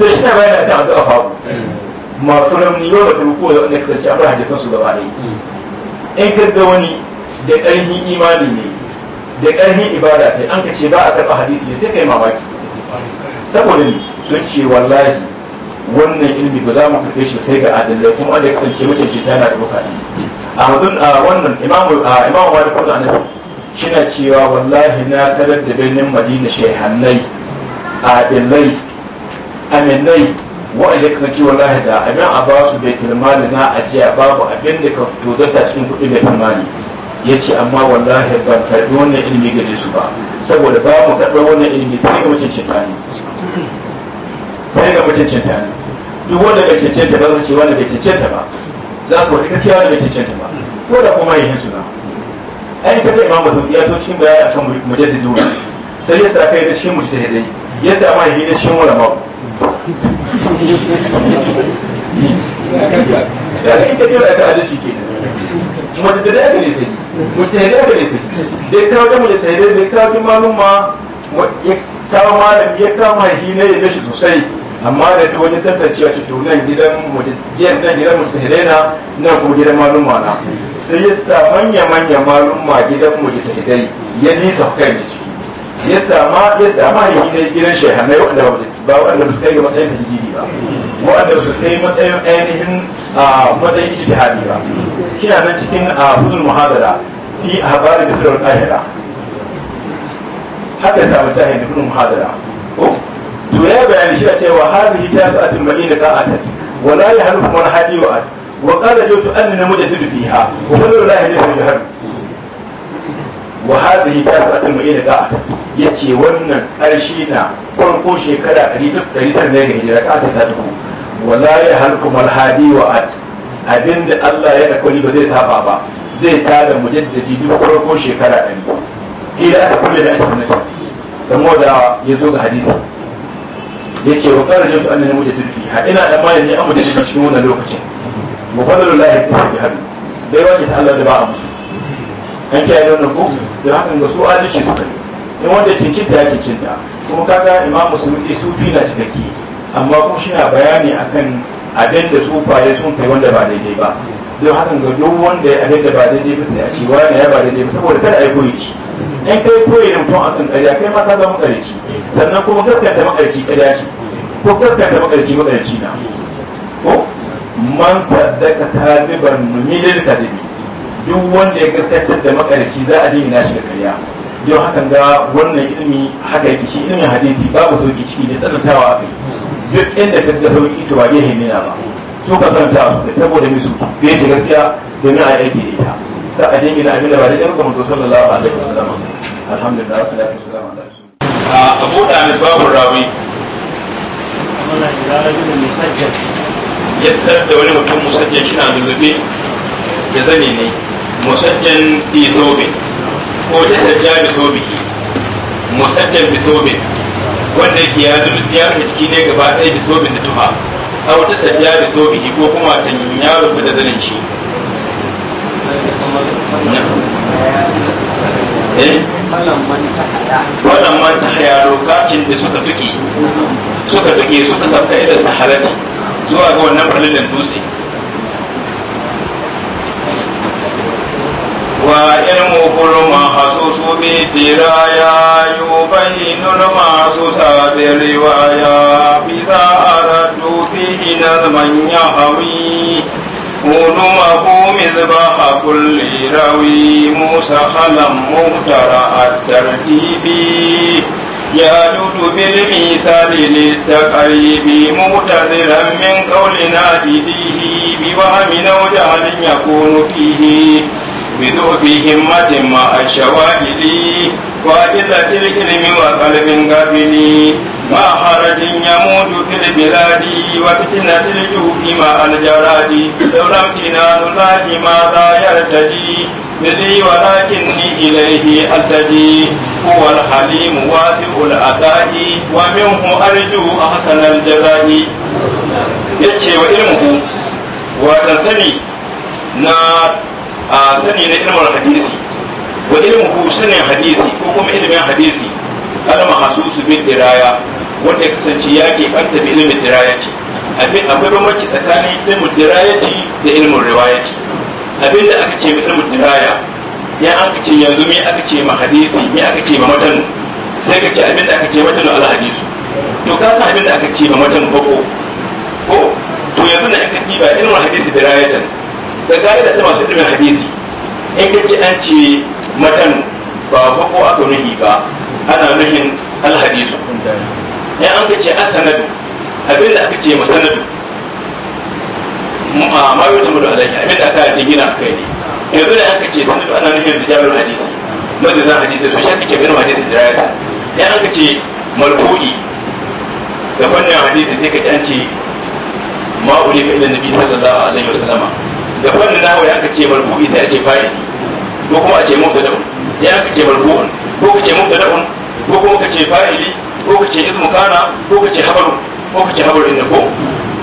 to shi na bayani akan addu'a fa'ul masu rauni yau da turko da wanda kasance akwai hadisan su gaba ɗaya in kirga wani da ƙarfin imani ne da ƙarfin ibada ta an ka ce ba a karɓa hadisi ne sai ka yi mamaki saboda ni sun ce wallahi wannan ilmi ba za mu karɓe shi sai ga adalai kuma wanda kasance mutum ce tana da bukatu a mutum a wannan imamu a imamu wa da kuma anas shina cewa wallahi na tarar da birnin madina shehannai adalai aminai wa'anda ka saki wallahi da abin a ba su bai mali na ajiya babu abin da ka tozarta cikin kuɗi mai tilmali ya ce amma wallahi ban karɓi wannan ilimi gare su ba saboda ba mu karɓar wannan ilimi sai ga mutum cinta ne sai ga mutum cinta ne duk wanda bai cancanta ba zai ce wanda bai cancanta ba za su wani gaskiya wanda bai cancanta ba ko da kuma yin suna ai ka kai imamu sun ya to cikin bayani akan mujaddidin wani sai ya sa kai da cikin mujtahidai ya sa ma yi da cikin wala mabu ya ga ita dole ta adalci ke kuma da dare aka ne sai mujtahidai aka ne sai da ya kawo da mujtahidai da ya kawo da ma ya ta malam ya kawo ne ya dashi sosai amma da ta wajen tantancewa shi to nan gidan mujtahidai nan gidan mujtahidai na nan ko gidan maluma na sai ya sa manya manya maluma gidan mujtahidai ya nisa kai ne ciki ya sa ma ya sa ma gidan shehanai wanda ba ba waɗanda su kai matsayin tajiri ba waɗanda su kai matsayin ainihin matsayin ijtihadi ba kina nan cikin hudul muhadara fi habari da sirrul qahira haka ya samu tahir da hudul muhadara ko to ya bayani shi cewa hadhihi tafi'atul madina qa'atan wa la yahlufu man hadi wa wa qala jawtu annana fiha wa qala la wa hadhihi tabatul mu'ina da ce wannan karshe na farko shekara 1900 ne ga hijira ka ta duku wala ya halkum alhadi wa ad abinda Allah ya da ba zai saba ba zai tada mujaddadi duk farko shekara 100 da asa kullu da sunnati kamar da yazo ga hadisi yace wa qala jatu annani mujaddid ha ina da malami ne amma da cikin wannan lokacin wa fadlullahi bi hadu dai wani ta Allah da ba a musu an da wannan ko da hakan ga su adalci suka ne in wanda cincinta ya cincinta kuma kaga imam musulmi fi na cikakke amma kuma shi na bayani akan abin da faye sun kai wanda ba daidai ba don hakan ga duk wanda ya abin da ba daidai ba sai a ce ne ya ba daidai ba saboda kada a yi koyi ci in kai koyi da mutum akan ƙarya kai ma ka zama ƙarci sannan kuma gaskata maƙarci ƙarya ce ko gaskata maƙarci maƙarci na ko man saddaka taziban munilil kazibi duk wanda ya gaskatar da makarci za a jingina shi da karya don hakan ga wannan ilimi haka yake shi ilimin hadisi babu sauki ciki da tsanantawa akai duk inda ka ga sauki to ba gehe nuna ba su ka tsananta su da saboda misu da ya ce gaskiya domin a aiki da ita ta a jingina abin da ba da ɗan kamar sallallahu alaihi wasallam alhamdulillah wa salatu wasallam ala rasulillah abu da ne babu rawi mana ila rajulun musajjal ya tsar da wani mutum musajjal shi na zulubi da zane ne musaddan fi thawbin ko jahadda bi thawbihi musaddan bi thawbin wanda yake ya zama ya jiki ne gaba ɗaya bi thawbin da tuha aw ta sajja bi thawbihi ko kuma ta ya rubu da zanin shi wannan man ta haya lokacin da suka tuki suka tuki suka sabta idan saharati zuwa ga wannan farlin dutse وإلمه المحسوس بدرايا يبين المحسوس بالرواية إذا أردت فيه نظما يهوي ونمه مذبح كل روي مسخلا مخترع الترتيب يالد بالميثال للتقريب مبتذلا من قول ناديه بوهم أو جهل يكون فيه بذوبهم مجمع الشواهد فاجلة العلم وقلب قابل ما حرج يموت في البلاد وفتنة الجوف مع الجراد لو لم امتنان الله ماذا يرتدي بذي ولكني إليه ألتجي هو الحليم واسع العطاء ومنه أرجو أحسن الجزاء يتشي وإلمه وتنسني na a sani na ilmar hadisi wa ilmuhu sanin hadisi ko kuma ilimin hadisi ana mahasusu bin diraya wanda ya kasance ya ke kanta da ilimin dirayati abin akwai bambanci tsakanin ilimin dirayati da ilimin riwayati abin da aka ce ma ilimin diraya ya aka ce yanzu me aka ce ma hadisi me aka ce ma matanu sai ka ce abin da aka ce matanu al hadisu to ka san abin da aka ce ma matanu bako ko to yanzu da aka ce ba ilimin hadisi dirayatan da ka'ida ta masu ilimin hadisi in kace an ce matan ba ko aka nuhi ba ana nuhin alhadisu ya an kace asanadu da aka ce masanadu ma ma yau alaki abin da aka ce gina kai ne yanzu da aka ce sanadu ana nuhin rijalul hadisi mazan hadisi to shi aka ce ganin hadisi da rayata an ka ce marfu'i da wannan hadisi sai ka ce an ce ma'uli ka ilan nabi sallallahu alaihi wasallama da wannan nawa ya kace marfu'i sai a ce fa'ili ko kuma a ce mubtada'un ya kace marfu'un ko ka ce kace mubtada'un ko kuma kace fa'ili ko ce ismu kana ko ce habaru ko ce habaru inda ko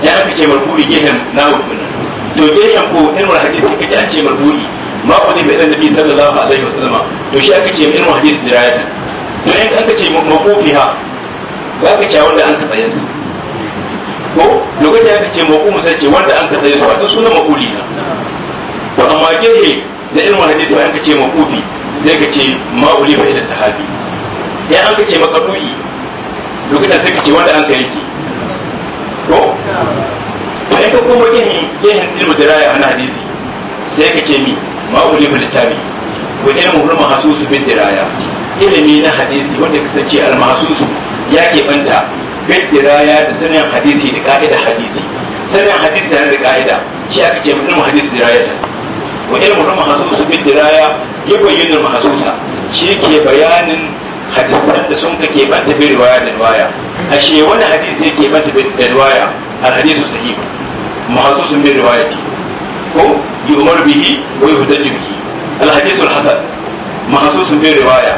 ya kace marfu'i gehen nawa kuma to gehen ko in wani hadisi kace a ce marfu'i ma ku ne bai nabi sallallahu alaihi wasallam to shi aka ce in wani da dirayatan to in aka ce makofi ha ba ka ce wanda an ka tsaye su ko lokacin aka ce maqulu sai wanda an ka sai su wata sunan maquli na to amma gehe na ilmu hadisi an ka ce maqufi sai ka ce ma'uli fa ila sahabi ya an ka ce maqdu'i lokacin sai ka ce wanda an ka yake to sai ka kuma gehe gehen ilmu diraya na hadisi sai ka ce ni ma'uli fa littabi wa ilmu hurma hasusu bin diraya ilimi na hadisi wanda kasance al-mahsusu ya ke banta بالدراية da ka'ida لقاعدة حديثي سنة حديثي هذه da شيء أكتب من المحديث دراية وإلى مهم محسوس بالدراية يبين المحسوس شيء بيان hadisan da sun kake banta bi riwaya da riwaya ashe wani hadisi yake banta bi riwaya al hadisu sahih mahsusun bi riwayati ko yu'mar bihi wa yuhdaju bihi al hasan mahsusun bi riwaya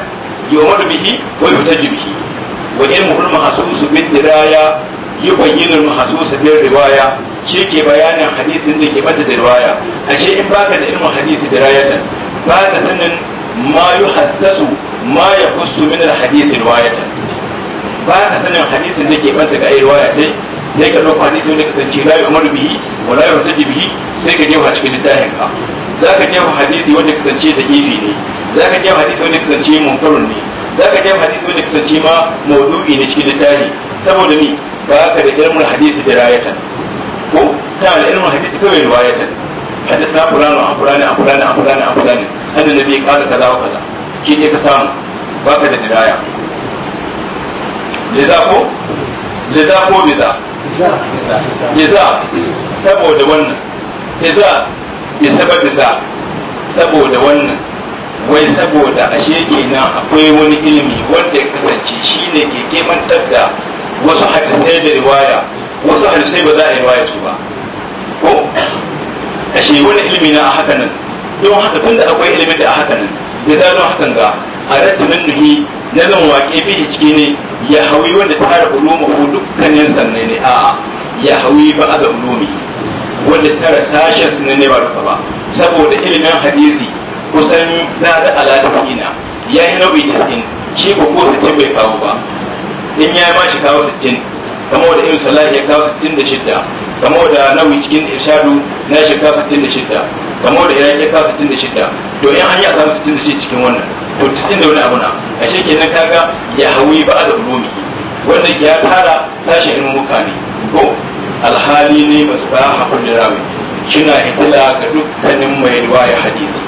yu'mar bihi wa yuhtaju bihi wa ilmuhul mahsusu min diraya yubayyinul mahsusu min riwaya shi ke bayanin hadisin da ke bata da riwaya ashe in baka da ilmin hadisi da rayatan ba ka sanin ma yuhassasu ma yahussu min alhadisi riwayatan ba ka sanin hadisin da ke bata ga riwaya dai sai ka dauka hadisi wanda kasance la yu'maru bihi wa la yu'taji bihi sai ka je jefa cikin littafin ka za ka jefa hadisi wanda kasance da ifi ne za ka jefa hadisi wanda kasance munkarun ne za ka jam hadisi wanda kusanci ma maudu'i na cikin littafi saboda ni ba ka da ilmin hadisi da rayata ko kana da ilmin hadisi kawai da rayatan hadisna fulano an fulani an fulani an fulani an fulani an da nabi kala kaza wa kaza ki ne ka samu ba ka da diraya liza ko liza ko liza liza saboda wannan liza ya sabab liza saboda wannan wai saboda ashe kenan akwai wani ilimi wanda ya kasance shi ne ke kemantar da wasu hadisai da riwaya wasu hadisai ba za a riwaya su ba ko ashe wani ilimi na a haka nan don haka tun da akwai ilimin da a haka nan da za don hakan ga a nan nuhi na zan waƙe a ciki ne ya hawi wanda tara uluma ko dukkanin sannan ne a'a ya hawi ba a da ulumi wanda tara sashen sannan ne ba duka ba saboda ilimin hadisi kusan na da alaƙa ina ya yi nau'i cikin shi ko ko sittin bai kawo ba in ya yi ma shi kawo sittin kamar da ibn salah ya kawo sittin da shidda kamar da nau'i cikin irshadu na shi kawo sittin da shidda kamar da iraki ya kawo sittin da shidda to in an yi a samu sittin da shi cikin wannan to sittin da wani abu na a shi kenan kaga ya hawi ba da ulumi wanda ya tara sashen ilmu ne ko alhali ne ba su ba hakun da rawi kina hitila ga dukkanin mai ruwa ya hadisi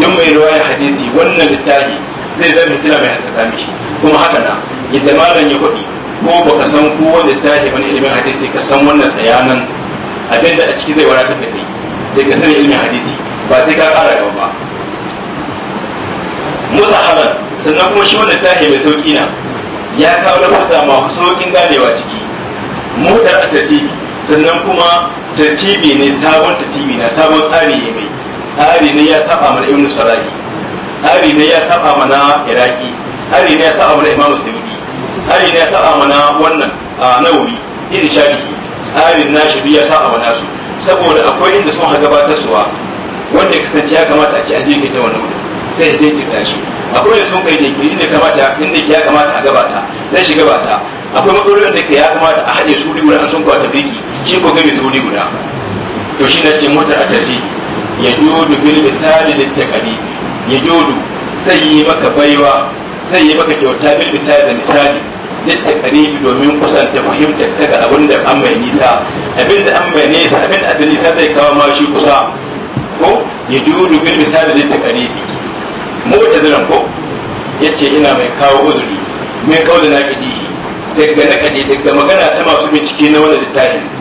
don mai riwaya hadisi wannan littafi zai zama fitila mai haskaka mishi kuma haka na yadda malam ya kuɗi ko ba ka san ko wani littafi wani ilimin hadisi ka san wannan tsayanan abin da a ciki zai wara da kai da ka san ilimin hadisi ba sai ka ƙara gaba ba musa halan sannan kuma shi wannan littafi mai sauƙi na ya kawo lafarsa masu sauƙin ganewa ciki motar a tartibi sannan kuma tartibi ne sabon tartibi na sabon tsari ne mai tsari ne ya saba mana ibnu sarahi tsari ne ya saba mana iraki tsari ne ya saba mana imamu suyuti tsari ne ya saba mana wannan nawawi irin shafi'i na nashi biya saba mana su saboda akwai inda sun bata suwa wanda ya kasance ya kamata a ci an jirgin ta wannan mutum sai ya jirgin shi akwai da sun kai jinkiri ne kamata inda ya kamata a gabata sai shi gabata akwai matsalolin da ke ya kamata a haɗe su wuri guda an sun kwata biki shi ko gami su wuri guda to shi na ce motar a tafi yajudu bil misali lit taqdim yajudu sai yi maka baiwa sai yi maka kyauta bil misali da misali lit taqdim domin kusanta fahimtar ta ga abin da an mai nisa abin da an mai nisa abin da nisa sai kawo ma shi kusa ko yajudu bil misali lit bi mu da ziran ko yace ina mai kawo uzuri mai kawo da naƙidi daga naƙidi daga magana ta masu bincike na wannan littafin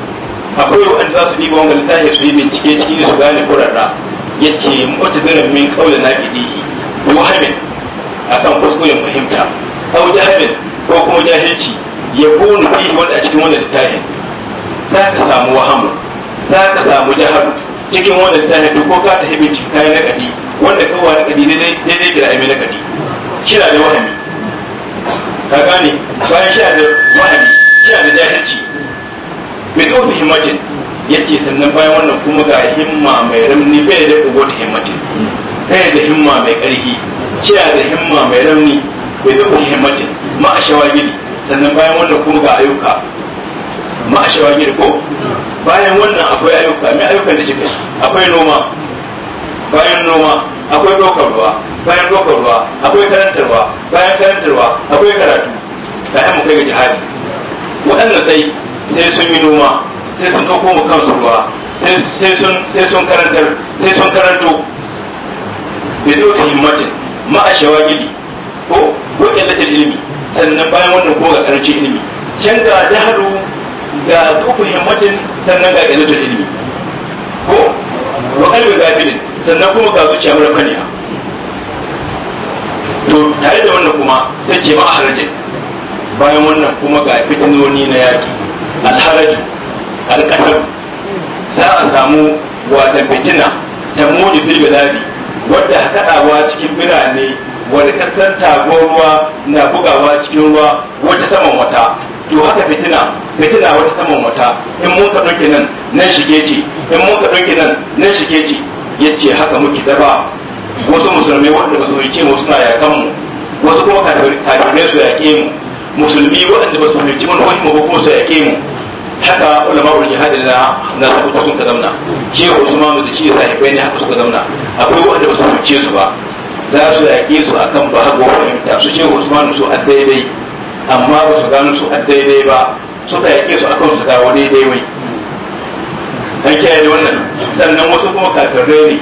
akwai wanda za su diba wanga littafi su yi bincike ciki su gane kurarra ya ce mutadirin min kaula na bidihi a kan kuskuren fahimta au jahilin ko kuma jahilci ya kone fihi wanda a cikin wanda littafi za ka samu wahamu za ka samu jahar cikin wanda littafi duk ko ka ta hibe cikin kayan na kadi wanda kawa na kadi daidai da aimi na kadi kira da wahami ka gane bayan kira da wahami kira da jahilci mai himmacin himmatin ce sannan bayan wannan kuma ga himma mai ramni bai da ɗaukar ta himmatin bai da himma mai ƙarfi ciya da himma mai ramni bai da ɗaukar himmatin ma a shawagiri sannan bayan wannan kuma ga ayyuka ma a shawagiri ko bayan wannan akwai ayyuka mai ayyukan da shiga akwai noma bayan noma akwai ɗaukar ruwa bayan ɗaukar ruwa akwai karantarwa bayan karantarwa akwai karatu ta mu kai ga jihadi waɗannan sai sai sun yi noma sai sun ɗauko wa kansu ruwa sai sun karantar sai sun karanto da dole himmatin ma'a gidi ko ko ƙyallatar ilimi sannan bayan wannan ko ga ƙarancin ilimi can ga daharu ga uku himmatin sannan ga ƙyallatar ilimi ko wa kalbi gafilin sannan kuma ga zuciya mara kaniya to tare da wannan kuma sai ce ma'a harajin bayan wannan kuma ga fitinoni na yaƙi alharaju alkatab za a samu wata fitina ta muni bilbiladi wadda kaɗawa cikin birane wadda kasar tagon ruwa na bugawa cikin ruwa wata saman wata to haka fitina fitina wata saman wata in mun ka ɗauke nan nan shige ce in mun ka ɗauke nan nan shige ce yace haka muke zaba wasu musulmi wanda ba su ce suna yakan mu wasu kuma kafirai su yaƙe mu musulmi waɗanda ba su hirci wani wani mu ba kuma su mu haka ul jihad na na sabuta sun ka zauna ke usman da shi sahibai ne haka suka zauna akwai wanda ba su fice su ba za su yaƙe su akan ba hago fahimta su ce usman su a daidai amma ba su gano su a daidai ba suka yaƙe su akan su wani daidai wai an kiyaye wannan sannan wasu kuma kafirai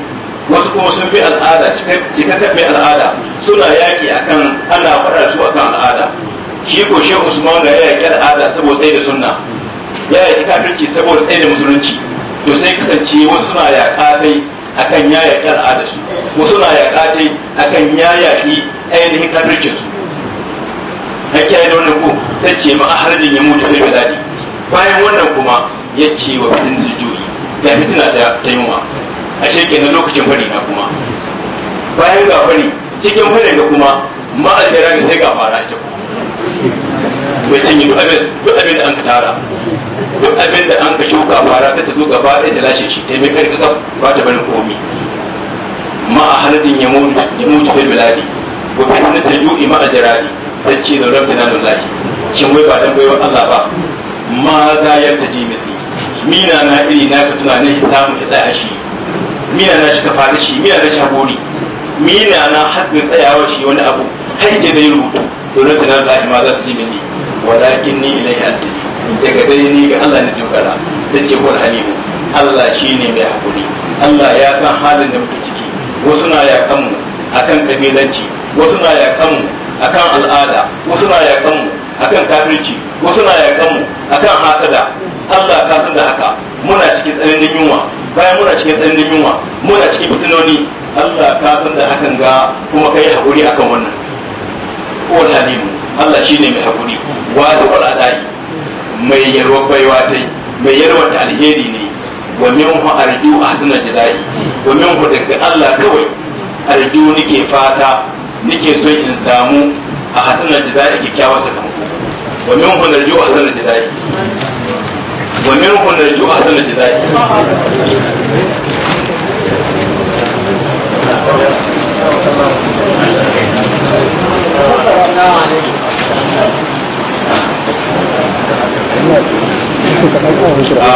ne wasu kuma sun bi al'ada cikakken bi al'ada suna yaƙi akan ana faɗa su akan al'ada shi ko shehu usman ga ya yaƙi al'ada saboda tsaye da sunna ya yaki kafirci saboda tsaye da musulunci to sai kasance wasu na yaƙa dai akan ya yaƙi su wasu na yaƙa dai akan ya yaƙi ainihin kafircinsu an kiyaye da wannan ko sai ce ma harjin ya mutu kai baladi bayan wannan kuma ya ce wa fitin juyi ga fitina ta ta yunwa a shekin na lokacin fari na kuma bayan ga fari cikin fari da kuma ma'aikata da sai ga fara ita kuma bai cinye duk abin da an ka tara duk abin da an ka shuka fara ta zo gaba ɗaya da lashe shi ta kai mai ba ta bari komi ma a haladin ya mu mutu fil biladi ko fi wani ta ju'i ma a jirali sai ce da rabbi na lullahi shin wai ba dan baiwa Allah ba ma za ya ta ji mai mina na iri na ka tunanin shi samu ya tsaya shi mina na shi ka fara shi mina na shi hakuri mina na haɗin tsayawa shi wani abu har ke da yi rubutu to rabbi na lullahi ma za ta ji mai walakin ni ilaihi daga gare ni ga Allah ne dogara sai ce wal alimu Allah shine mai hakuri Allah ya san halin da muke ciki wasu na ya kanmu akan kabilanci wasu na ya kanmu akan al'ada wasu na ya kanmu akan kafirci wasu na ya kanmu akan hasada Allah ka san da haka muna cikin tsananin yunwa bayan muna cikin tsananin yunwa muna cikin fitinoni Allah ka san da hakan ga kuma kai hakuri akan wannan ko alimu Allah shine mai hakuri wa da wal adai mai yarwa baiwa ta mai yarwa ta alheri ne wa min hu arju ahsana jazai wa min hu daga Allah kawai arju nike fata nike so in samu a hasana jazai sa kanku wa min hu arju ahsana jazai wa min hu arju ahsana jazai Thank you. ana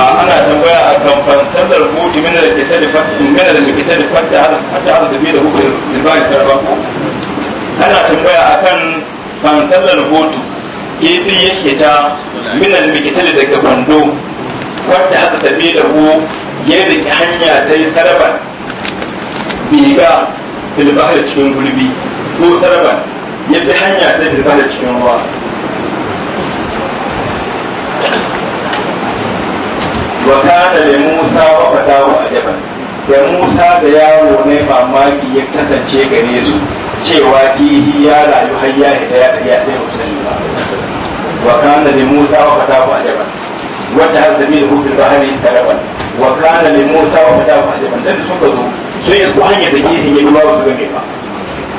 tambaya a kan fansantar hudu mina da ke talifa mina da ke talifa da hada hada da biyu da hudu da ba ya sarrafa ko ana tambaya a kan fansantar hudu eh, ibi yake ta mina da ke talifa daga bando wadda aka tafi da ku hanya ta yi sarrafa biga filibahar cikin gulbi ko sarrafa ya hanya ta filibahar cikin ruwa wa kana da Musa wa fadawa ajaban da Musa da yaro ne mamaki ya kasance gare su cewa fihi ya rayu har ya ta ya ya ta mutane wa kana da Musa wa fadawa ajaban wata hazami da hukun bahari saraban wa kana da Musa wa fadawa ajaban dan ka zo sun yi ko hanya da gihin ya ba su game ba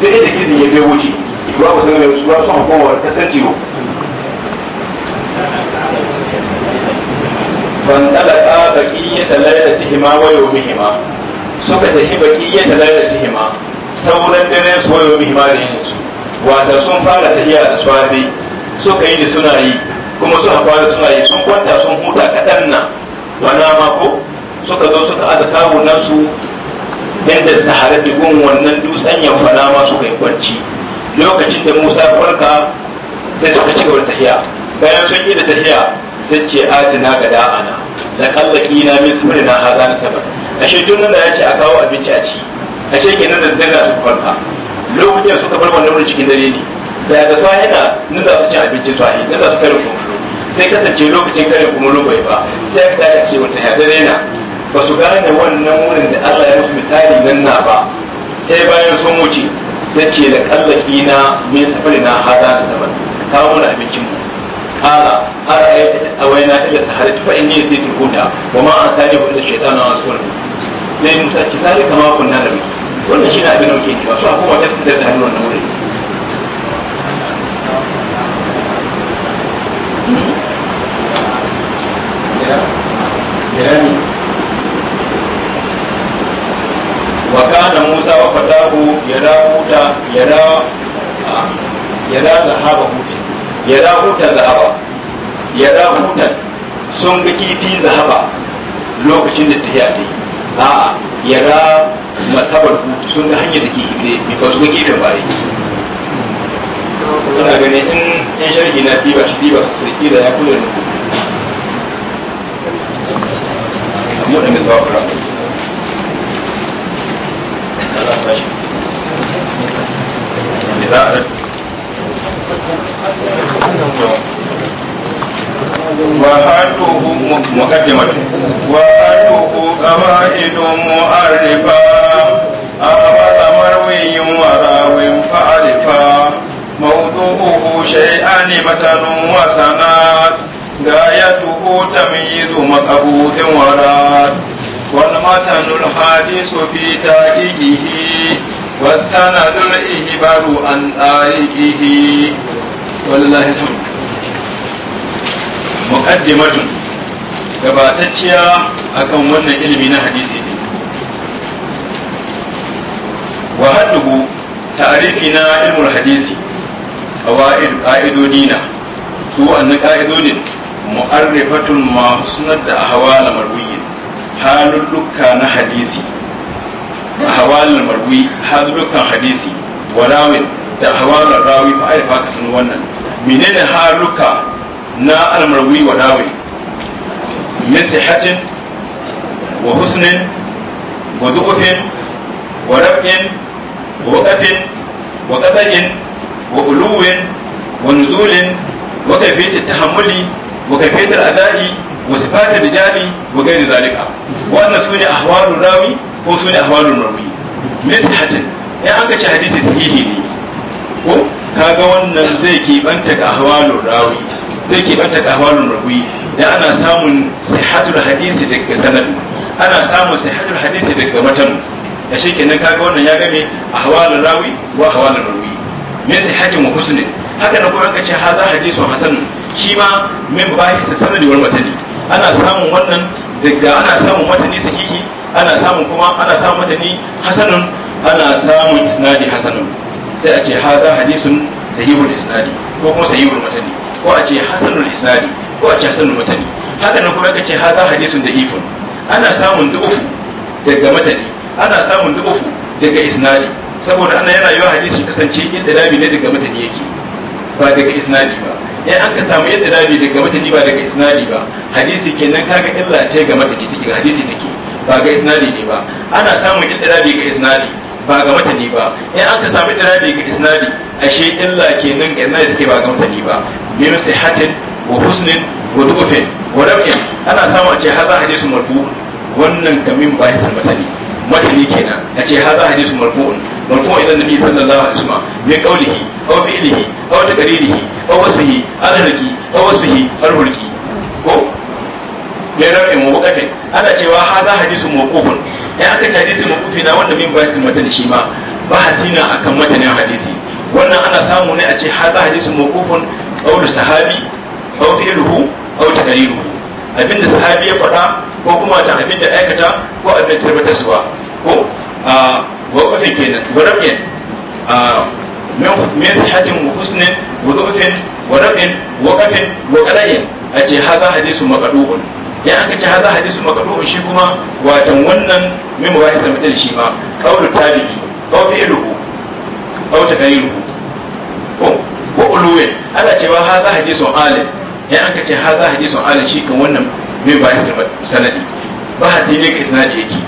sai da gihin ya bai wuce ba su ga ba su hakowa kasance fantalaka baqiyata lailatihima wa yawmihima suka tafi baqiyata lailatihima sauran dare su wa yawmihima da yin wata sun fara tafiya da swabi suka yi da suna yi kuma suka fara suna yi sun kwanta sun huta kaɗan nan wana mako suka zo suka aza kawunan su yadda sahara gun wannan dutsen yamfana ma suka yi kwanci lokacin da musa farka sai suka ci gaba tafiya bayan sun yi da tafiya tace adina ga da'ana da kallaki na min hada na saba a tun nan da ya ce a kawo abinci a ci ashe kenan da daga su kwanta lokacin suka bar wannan wurin cikin dare ne sai ga su yana nan za su ci abincin sai nan za su kare kuma sai kasance lokacin kare kuma bai ba sai ka ta ce wata hadare na ba su gane wannan wurin da Allah ya musu misali nan na ba sai bayan sun wuce sai ce da kallaki na min hada azan saba kawo mana abincin mu هذا هذا أوينا إلى سحرته فإني يزيد الهدى وما أنساه إلا الشيطان ورسوله لأن موسى كذلك ما كنا نبي كل شيء نبي نمشي فهو تكتب هذا النور نوري الله أكبر الله أكبر وكان موسى وفتاه يرى يرى يرى ذهاب موسى ya da hutar da sun ga kifi zahaba lokacin da ta yi ya da masabar sun ga hanyar da ke ba ga gefen suna in in sharhi na diba shi diba sarki da ya kula da وحده مقدمة وحده قواعد مؤرفة أخذ مروي وراو فعرفا موضوعه شيئان متن وسنات غايته تمييز مقبوض وراد والمتن الحادث في تاريخه والسند الإجبار عن تاريخه wallahi alhamd muqaddimatun gabatacciya akan wannan ilimi na hadisi ne wa hadduhu ta'rifi na ilmul hadisi qawaid qa'idodina su wannan qa'idodin mu'arrifatun ma sunar da ahwal marwiyin halulluka na hadisi ahwal marwi halullukan hadisi wa rawin da hawanar rawi fa ka wannan menene haruka na almarwi wa rawi min wa husnin wa wa wa wa qada'in wa uluwin wa wa kayfiyat tahammuli wa kayfiyat al-ada'i wa sifat al wa dhalika rawi ko marwi min an ka hadisi sahihi ne ko kaga wannan zai kibanta ga ahwalur rawi zai kibanta ga ahwalur rawi da ana samun sihhatul hadisi daga sanad ana samun sihhatul hadisi daga matan da shi kenan kaga wannan ya game ahwalur rawi wa ahwalur rawi min sihhatin wa husnin haka na kuma kace haza hadisun hasan shi ma min bahis sanadi wal matani ana samun wannan daga ana samun matani sahihi ana samun kuma ana samun matani hasanun ana samun isnadi hasanun sai a ce haza hadisun sahihul isnadi ko kuma sahihul matani ko a ce hasanul isnadi ko a ce hasanul matani haka nan kuma kace haza hadisun ifun ana samun du'ufu daga matani ana samun du'ufu daga isnadi saboda ana yana yawa hadisi kasance yadda dabi ne daga matani yake ba daga isnadi ba in an ka samu yadda dabi daga matani ba daga isnadi ba hadisi kenan kaga illa ce ga matani take ga hadisi take ba ga isnadi ne ba ana samun yadda dabi ga isnadi ba ga watanni ba in aka ka sami irabi ga isnadi ashe illa kenan ga nan take ba ga watanni ba min sihhatin wa husnin wa du'fin wa rab'in ana samu a ce haza hadisu marfu wannan kamin ba ya san watanni kenan a ce haza hadisu marfu marfu idan nabi sallallahu alaihi wasallam min qawlihi aw fi'lihi aw taqririhi aw wasfihi al aw wasfihi al ko ya rab'in wa ana cewa haza hadisu marfu'un ya aka ci hadisi kufi na wanda min ba mata da shi ma ba hasina akan matanin hadisi wannan ana samu ne a ce haza hadisi kufun qawlu sahabi aw fi'luhu aw taqriruhu abinda sahabi ya faɗa ko kuma ta abinda aikata ko abinda tabbatar su ba ko a kafi kenan warabiyan a min min sihatin wa husnin wa dhufin wa rabin wa kafin wa qadayin a ce haza mu maqdubun ya aka ce haza hadisu makaruhun shi kuma watan wannan min ba ya da shi ma qawlu tabi'i aw fi'luhu ta takayyiruhu ko ko uluwe ana cewa haza hadisun alim ya aka ce haza hadisun alim shi kan wannan min ba ya sanadi ba hasi ne ka isnadi yake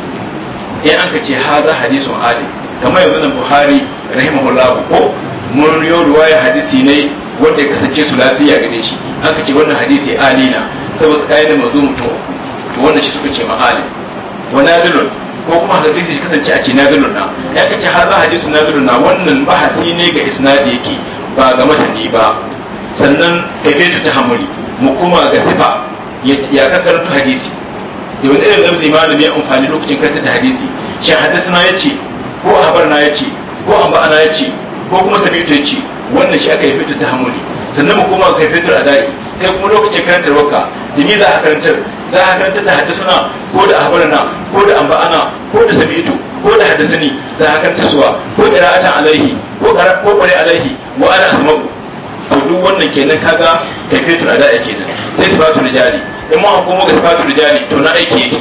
ya aka ce haza hadisun alim kamar yanzu nan Buhari rahimahullahu ko mun yi ruwaya hadisi ne wanda ya kasance su lasiya gane shi ka ce wannan hadisi alina saboda kayan mazu mutum to wanda shi suka ce mahali wa nazilun ko kuma hadisi shi kasance a ce nazilun na ya kace haza hadisu nazilun na wannan bahasi ne ga isnadi yake ba ga matani ba sannan kaife ta hamuli mu kuma ga sifa ya kakarta hadisi da wani irin lamzi malam ya amfani lokacin karta da hadisi shi na ya ce ko habar na ya ce ko na ya ce ko kuma sabitu ya ce wannan shi aka yi fitar ta hamuli sannan mu kuma aka yi fitar a dai kai kuma lokacin waka. dimi za a karantar za a karanta da hadisuna ko da ahbarana ko da amba'ana ko da sabitu ko da hadisani za a karanta suwa ko qira'atan alaihi ko ko qari alaihi wa ana asma'u to duk wannan kenan kaga da ada'i kenan sai sifatu rijali in ma an komo ga sifatu rijali to na aiki yake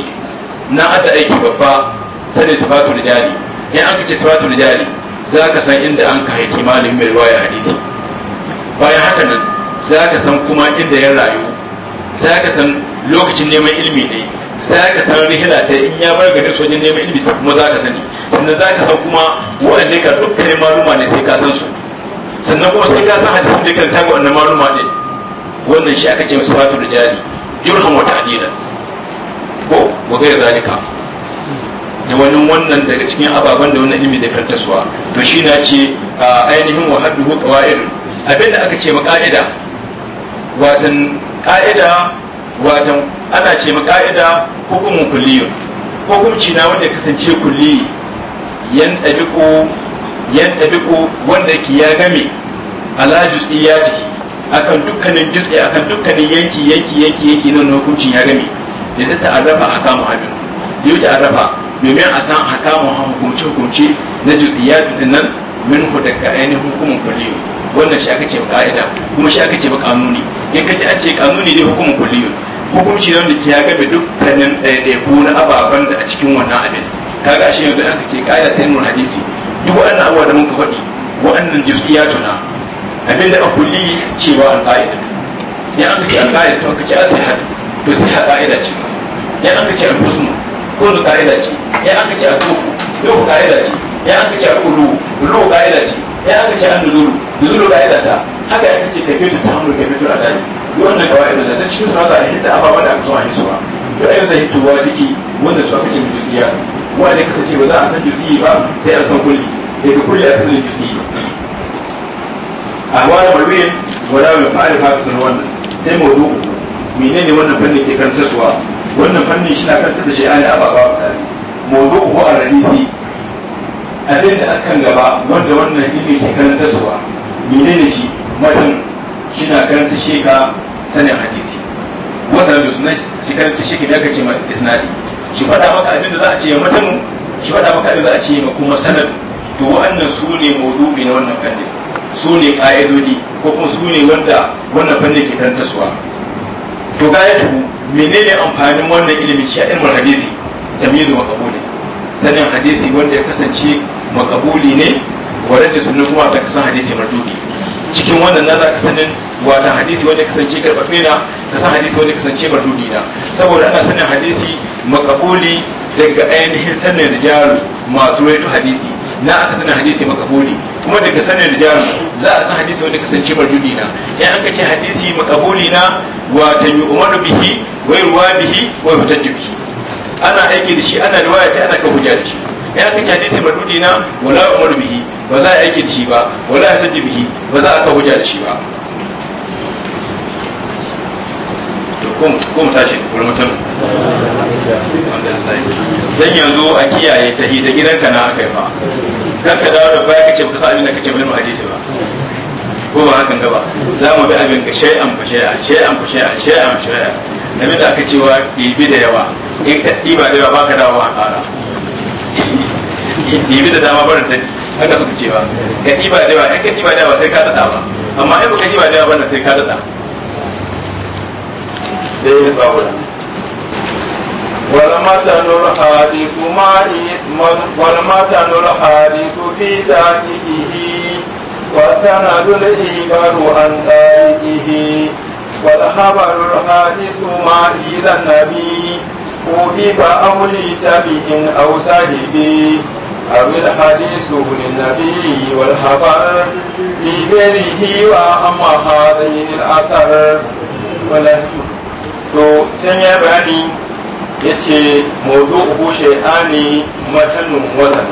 na ada aiki babba sai sifatu rijali in an kace sifatu rijali za ka san inda an ka haifi malamin mai ruwaya hadisi bayan haka nan za ka san kuma inda ya rayu sai ka san lokacin neman ilimi ne sai ka san rihila ta in ya bar gari sojin neman ilimi sai kuma za ka sani sannan za ka san kuma waɗanda ka dukkanin maluma ne sai ka san su sannan kuma sai ka san hadisin da kan tago wannan maluma ɗin wannan shi aka ce masu fatu da jari jirhan wata adila ko wa gaya zalika da wani wannan daga cikin ababen da wannan ilimi da kartaswa to shi na ce ainihin wa haddu qawaid abinda aka ce ma ka'ida watan ka'ida watan ana ce ma ka'ida hukumin kulliyun hukunci na wanda kasance kulli yan ɗabiƙo wanda ke ya game ala juz'i ya jiki akan dukkanin juz'i akan dukkanin yanki yanki yanki yanki nan hukuncin ya game da ta arrafa hakamu da yau ta arrafa domin a san a hakamu hukunce hukunce na ya din nan min hudaka ainihin hukumin kulliyu wannan shi aka ce ba ka'ida kuma shi aka ce ba kanuni in ka ce an ce kanuni ne hukumin kulliyu hukunci ne wanda ya gabe dukkanin ɗaiɗaiku na ababen da a cikin wannan abin kaga shi yanzu an ka ce ka'ida ta yin hadisi duk waɗannan abubuwa da muka faɗi waɗannan juz'iyatu na abin da a kulli cewa an ka'ida in an ka ce an ka'ida to ka ce a sihar to sai ha ka'ida ce in an ka ce al-husnu da ka'ida ce in an ka ce al-kufu yau ka'ida ce ya an ka ce al-ulu ulu ka'ida ce ya aka ce an nuzuru nuzuru ga ilata haka ya kace kai fitu ta hannu kai fitu a daji wannan kawai da ta cikin suna zai hita ababa da aka zuwa suwa to ayyukan da hituwa jiki wanda su aka ce jufiya wanda ya kasance ba za a san jufiyi ba sai a san kulli daga kulli a san jufiyi a wani marwin wala mai fa'ari fafisun wannan sai mu mawdu menene wannan fannin ke kan karantarwa wannan fannin shi na karantar da shi ayi ababa mawdu ko a radisi abin da akan gaba wanda wannan ilimi ke karanta suwa ne shi matan shi na karanta sheka sanin hadisi wasa da sunan shi karanta sheka da kace mai isnadi shi faɗa maka abin da za a ce ya mutum shi faɗa maka abin da za a ce ya kuma sanad to wa'annan su ne mawdu'i na wannan fannin su ne ƙa'idodi ko kuma su ne wanda wannan fanni ke karanta suwa to ga yadda tuhu menene amfanin wannan ilimin shi a ilmin hadisi tamizu wa kabuli sanin hadisi wanda ya kasance makabuli ne wadanda sunan kuma ta kasan hadisi mardudi cikin wannan na za ka sanin wata hadisi wanda kasance karɓaɓɓe na kasan san hadisi wanda kasance mardudi na saboda ana sanin hadisi makabuli daga ainihin sanin rijalu masu raito hadisi na aka sanin hadisi makabuli kuma daga sanin rijalu za a san hadisi wanda kasance mardudi na in an kace hadisi makabuli na wata yi umaru bihi wai ruwa bihi wai hutar bihi ana aiki da shi ana riwaya ta ana kan hujja da shi ya kace hadisi madudi na wala umar bihi ba za a yake da shi ba wala ya taji bihi ba za a ka huja da shi ba to ko mu tashi wani mutum dan yanzu a kiyaye ta hita gidanka na aka yi fa kan ka dawo da baya kace ka sa abin da ka ce bil hadisi ba ko ba hakan gaba za mu bi abin ka shay'an fa shay'a shay'an fa shay'a shay'an fa shay'a abin da aka cewa ɗibi da yawa in ka ɗiba da yawa ba ka dawo a ƙara nemi da dama barin ta haka suka ba ka ba da yawa ka ka ba da yawa sai ka dada ba amma in ka ba da yawa sai ka dada sai ya tsawura والمتن الحادث ما والمتن الحادث في ذاته وسند الإيمان عن تاركه والخبر الحادث ما إلى النبي أو الحديث من النبي والخبر لغيره وأما هذه الأثر to can ya bayani ya ce mawdu'uhu shay'ani matannun wazan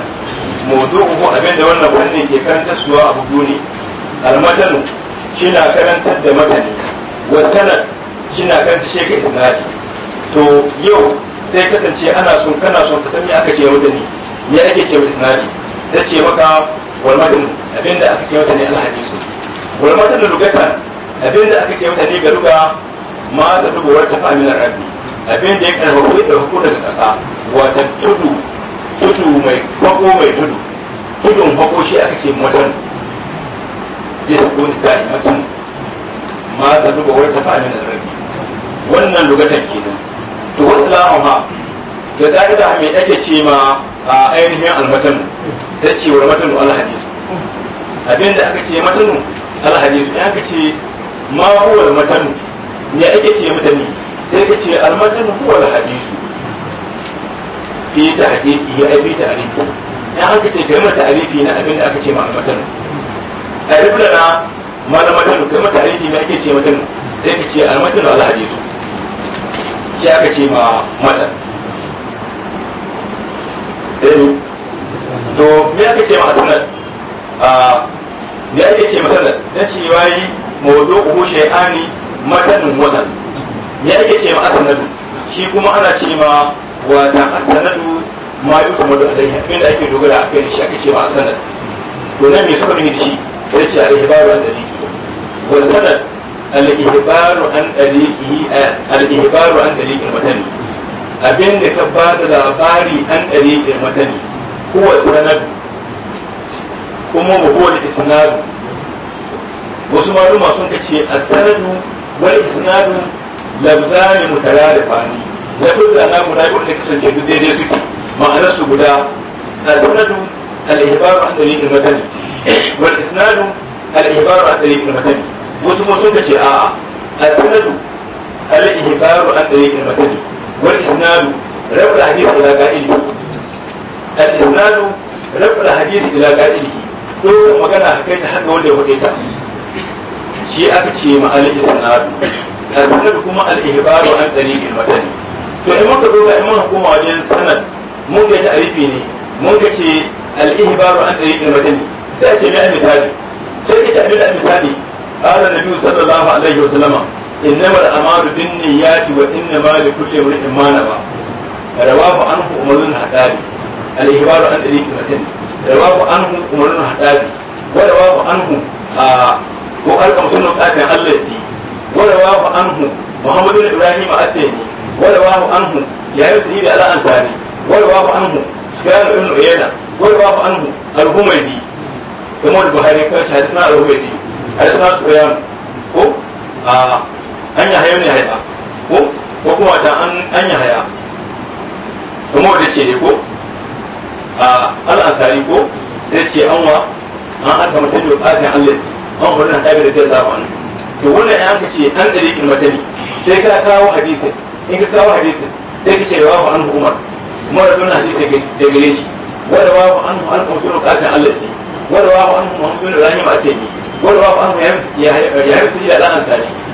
mawdu'uhu abinda wannan wannan ke karanta suwa abu duni almatanu na karantar da matani wasanan na karanta sheka isnadi to yau sai kasance ana son kana son ka san me aka ce matani me ake cewa isnadi sai ce maka wal madin abinda aka ce wata ne alhadisu wal madin lugatan abinda aka ce wata ne ga luga ma da dubuwar ta familar rabbi abinda ya karfafa da hukuma daga kasa wata tudu tudu mai kwako mai tudu tudun kwako shi aka ce mutan ya ko ta yi mutum ma da dubuwar ta familar rabbi wannan lugatan kenan to wasu lamama da ka'ida mai ake ce ma a ainihin almatanu ta ce wa matanu alhadisu abinda abin da aka ce matanu alhadisu ya in aka ce ma huwa al matanu ne ake ce matani sai ka ce al matanu huwa al hadisu fi tahdiqi ya abi ta'rifu ya aka ce kalmar ta'rifi na abin da aka ce ma al a ta'rif na ma al matanu ta ta'rifi ne ake ce matanu sai ka ce almatanu alhadisu al ka shi aka ce ma matanu sai to me aka ce masa nan me ake ce masa nan na ce yayi mawdu uhu shay'ani matanun wasa me ake ce masa nan shi kuma ana ce ma wa ta asanadu ma yuta madu alayhi abin da ake dogara a kai shi ake ce ma sanad to nan me suka nufi da shi sai ce al ba an dalili wa sanad al-ihbaru an dalili al-ihbaru an dalili matan abin da ka ba da labari an ɗari ke matani kuwa sanadu kuma wahuwa da isnadu wasu maluma sun ka ce a sanadu wani isnadu labzani mutara da fani labzan na guda biyu da kasance duk daidai suke ma'anar su guda a sanadu al-ihbaru an ɗari ke matani wal isnadu al-ihbaru an ɗari ke matani wasu sun ka ce a'a a sanadu al-ihbaru an ɗari ke matani والإسناد رفع الحديث إلى قائله الإسناد رفع الحديث إلى قائله ko magana kai ta hanga wanda ya faɗe ta shi aka ce ma al-isnad al-sanad kuma al-ihbaru an tariqil matan to in muka duba in muka koma wajen sanad mun ga ta'rifi ne mun ga al-ihbaru an tariqil matan sai a ce mai misali sai ka ce abin da misali qala nabiyyu sallallahu alaihi wasallama إنما الأعمال بالنيات وإنما لكل امرئ ما نوى رواه عنه عمر بن الخطاب الإخبار عن إليك المتن رواه عنه عمر بن الخطاب ورواه عنه وألقى بن القاسم الذي ورواه عنه محمد بن إبراهيم التيمي ورواه عنه يا على الأنصاري ورواه عنه سكان بن عيينة ورواه عنه الهميدي كما البخاري كان حدثنا الهميدي حدثنا سفيان ko a an ya haya ne haya ko ko kuma da an an haya kuma wanda ce ne ko a al'asari ko sai ce an wa an aka mace da kasin Allah an hudu ta bi da ta wani to wannan ya aka ce an tsari kin matani sai ka kawo hadisin in ka kawo hadisin sai ka ce wafa an umar kuma da sunan hadisi da gare shi wanda wafa an hu an mutum da kasin Allah wanda wafa an hu muhammadu rahim ake bi wanda wafa an hu ya ya ya ya da ya ya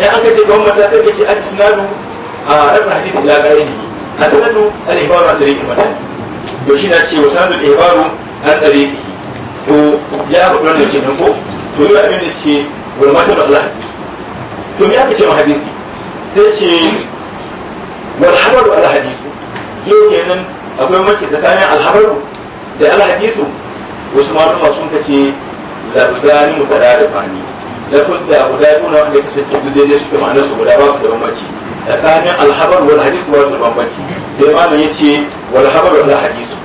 ya an kace ga wannan ta sai kace al-isnadu a rabin hadisi ila ghairihi asanadu al-ihbaru an tariqi matan to shi na ce wa sanadu al-ihbaru an tariqi to ya faɗi wannan ce nan ko to yau abin da ce wal matan Allah to me aka ce ma hadisi sai ce wal habaru al hadisu yau kenan akwai mace tsakanin al habaru da al hadisu wasu ma sun kace labzani mutara da fani lafuzza guda biyu na wanda kasance duk daidai suke ma'anar su guda ba su da bambanci tsakanin alhabar wal hadis ba su da bambanci sai malam ya ce wal habar wal hadisu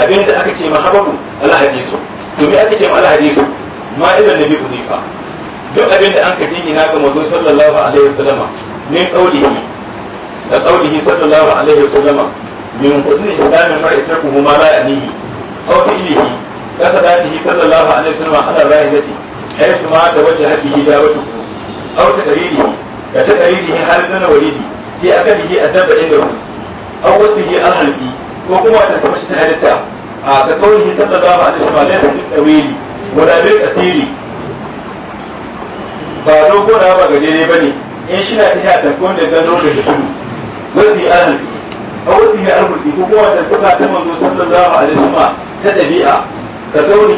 aka ce ma habaru al hadisu to me aka ce ma al hadisu ma ilan nabi hudayfa duk abin da an ka jingina ga manzo sallallahu alaihi wasallama min qaulihi da qaulihi sallallahu alaihi wasallama min husni islamin mar'i ma la aw fi'lihi kasabatihi sallallahu alaihi wasallama ala rahilatihi haifu ma da wajen haƙi da wata ku au ta dalili ka ta dalili har nuna walidi fi akadihi addaba inda ku au wasfihi alhalqi ko kuma ta sama ta halitta a ka kauli sallallahu alaihi wasallam laysa bil tawili wala bil asiri ba dogo ba gajere bane in shi na tafiya tankon da gano ko kuma ta dabi'a ka kauli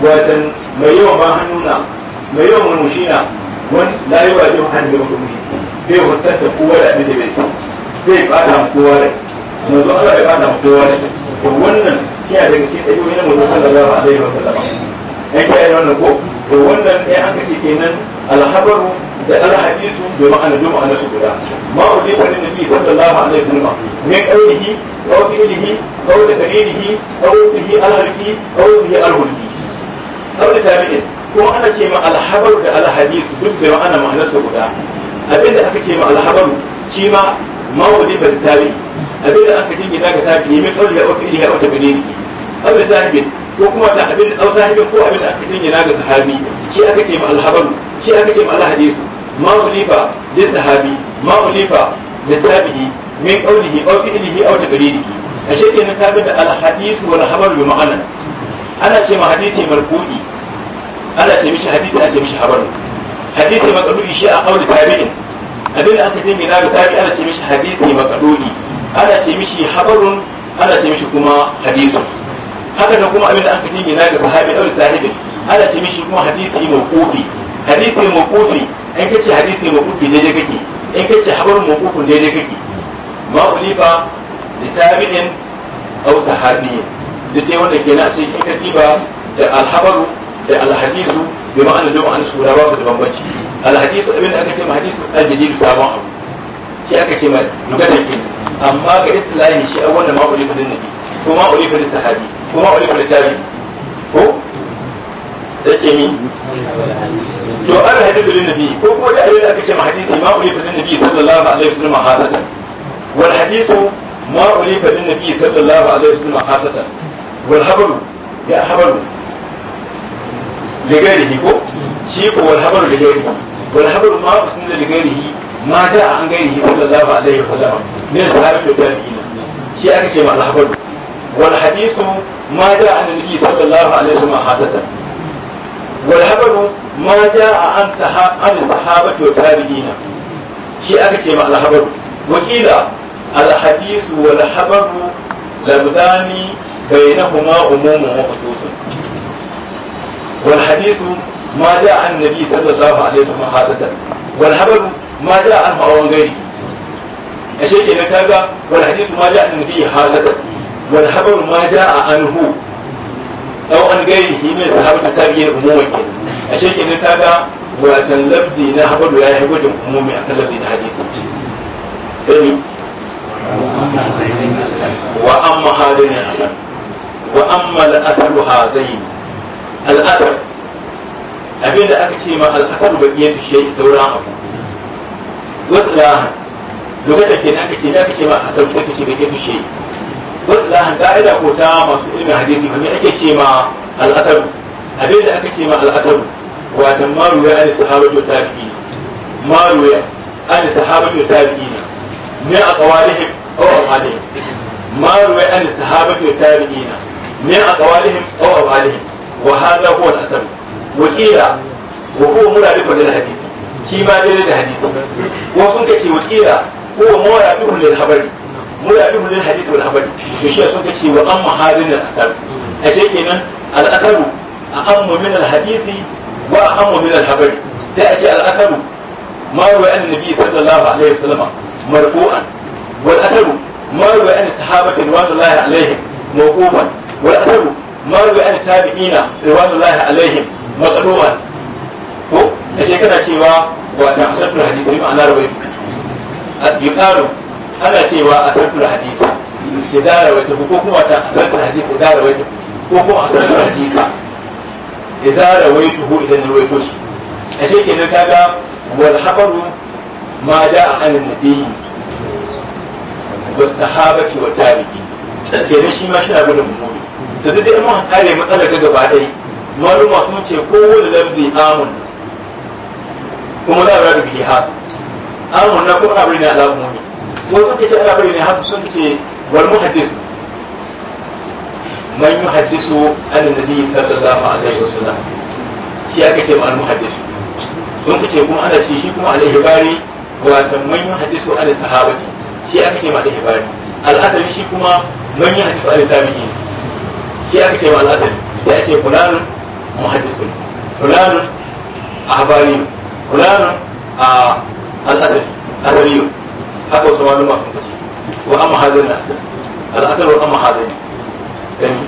watan mai yawan ba hannu na mai yawan murmushi na wani layi wa jin hannu da murmushi bai fuskanta kowa da abin da bai kyau bai fata mu kowa da manzo Allah bai fata mu kowa da to wannan kiyaye daga cikin ɗabi'o'i na manzo sallallahu alaihi wasallam an kiyaye da wannan ko to wannan ɗaya an kace kenan alhabaru da alhadisu bi ma'ana da ma'ana su guda ma udi wa nabi sallallahu alaihi wasallam min qawlihi aw qawlihi aw taqririhi aw sihi alharqi aw aure tabi'in ko ana ce ma alhabaru da alhadisu duk da ana ma'anar su guda abinda aka ce ma alhabaru shi ma mawali bar tabi abinda aka jingina ga tabi ne mai kauli ya wafi ya wata bidini aw sahibin ko kuma da abin da aw sahibin ko abin da aka jingina ga sahabi shi aka ce ma alhabaru shi aka ce ma alhadisu mawali fa da sahabi mawali fa da tabi'i min qawlihi aw fi'lihi aw taqririhi ashe kenan ka ga da alhadisu wal habaru bi ma'ana ana ce ma hadisi marfu'i ana ce mishi hadisi ana ce mishi habaru hadisi makadu'i shi a kawai tabi'in abin da aka dingina ga tabi ana ce mishi hadisi makadu'i ana ce mishi habarun ana ce mishi kuma hadisu haka da kuma abin da aka dingina ga sahabi ɗauri sahibi ana ce mishi kuma hadisi mawqufi hadisi mawqufi in kace hadisi mawqufi daidai kake in kace habarun mawqufin daidai kake ma ulifa da tabi'in sau sahabi duk dai wanda ke na ce in ka diba da alhabaru da alhadisu bi ma'ana da ma'ana su da ba su da bambanci alhadisu abinda aka ce ma hadisu aljadidu sabon abu shi aka ce ma da ke amma ga islahi shi a wanda ma ulifa din nabi ko ma ulifa da sahabi ko ma ulifa da tabi ko sai ce ni to an hadisu din nabi ko ko da ayyuka aka ce ma hadisi ma ulifa din nabi sallallahu alaihi wasallam hasatan wal hadisu ma ulifa din nabi sallallahu alaihi wasallam hasatan wal habaru ya habaru لغيره كو شيء هو الخبر لغيره والخبر ما أسند لغيره ما جاء عن غيره صلى الله عليه وسلم من صحابة التابعين شيء أكشف على الخبر والحديث ما جاء عن النبي صلى الله عليه وسلم خاصة والخبر ما جاء عن صحاب عن الصحابة والتابعين شيء أكشف على الخبر وقيل الحديث والخبر لبدان بينهما عموم وخصوص والحديث ما جاء عن النبي صلى الله عليه وسلم خاصة والحبر ما جاء عن هواون غيره أشيء كنا كذا والحديث ما جاء عن النبي خاصة والحبر ما جاء عنه أو عن غيره من صحابة التابعين عموما أشيء كنا كذا وكان لفظي نحبر ولا يحبر عموما أكن لفظي الحديث سيدي وأما هذين الأسر وأما الأسر هذين al'adar abin da aka ce ma al'asar ba iya tushe sauran abu wasu lahan lokacin ke aka ce aka ce ma asar sai ka ce ba iya tushe wasu lahan ka'ida ko ta masu ilimin hadisi kuma ake ce ma al'asar abin da aka ce ma al'asar watan maru ya ani sahabatu tabi'i maru ya ani sahabatu tabi'i ne a qawalihim aw amalihim maru ya ani sahabatu tabi'i ne a qawalihim aw amalihim wa hadha huwa al-hasan wa qila wa huwa murabiqun lil hadisi shi ma dai hadisi wa sun kace wa qila huwa murabiqun lil habari murabiqun lil hadisi wal habari to shi sun kace wa amma hadin al amma hadisi wa amma habari sai a ce ما روى النبي صلى الله عليه وسلم مرفوعا ما روى الله عليهم موقوفا marwi an tabi'ina ridwanullahi alaihim matsaluwan ko da kana cewa wa da asatul hadisi ne ma'ana rawaitu yuqalu ana cewa asatul hadisi wa rawaitu ko kuma ta asatul hadisi wa rawaitu ko kuma asatul hadisi idza ko idan ko shi a kenan kaga wal habaru ma da an nabi wa sahabati wa tabi'i kenan shi ma shi na gudun mu da duk dai mun kare matsalar ta gaba dai maluma sun ce kowane lafzi amun kuma za a rada bihi hasu amun na kuma labari ne alamu ne wasu ke ce labari ne hasu sun ce wal muhaddisu man yuhaddisu an nabi sallallahu alaihi wasallam shi aka ce al muhaddisu sun ce kuma ana ce shi kuma alaihi bari wato man yuhaddisu an sahabati shi aka ce ma alaihi bari al'asari shi kuma man yuhaddisu al tabi'in shi aka ce wa al'adari sai a ce fulanun muhaddisun fulanun ahbari fulanun a al'asari asari haka wasu wani masu kace wa amma hadin asar al'asar wa amma hadin sami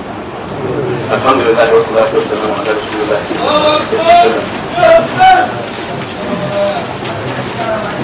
alhamdulillah wa salatu wa salam ala rasulillah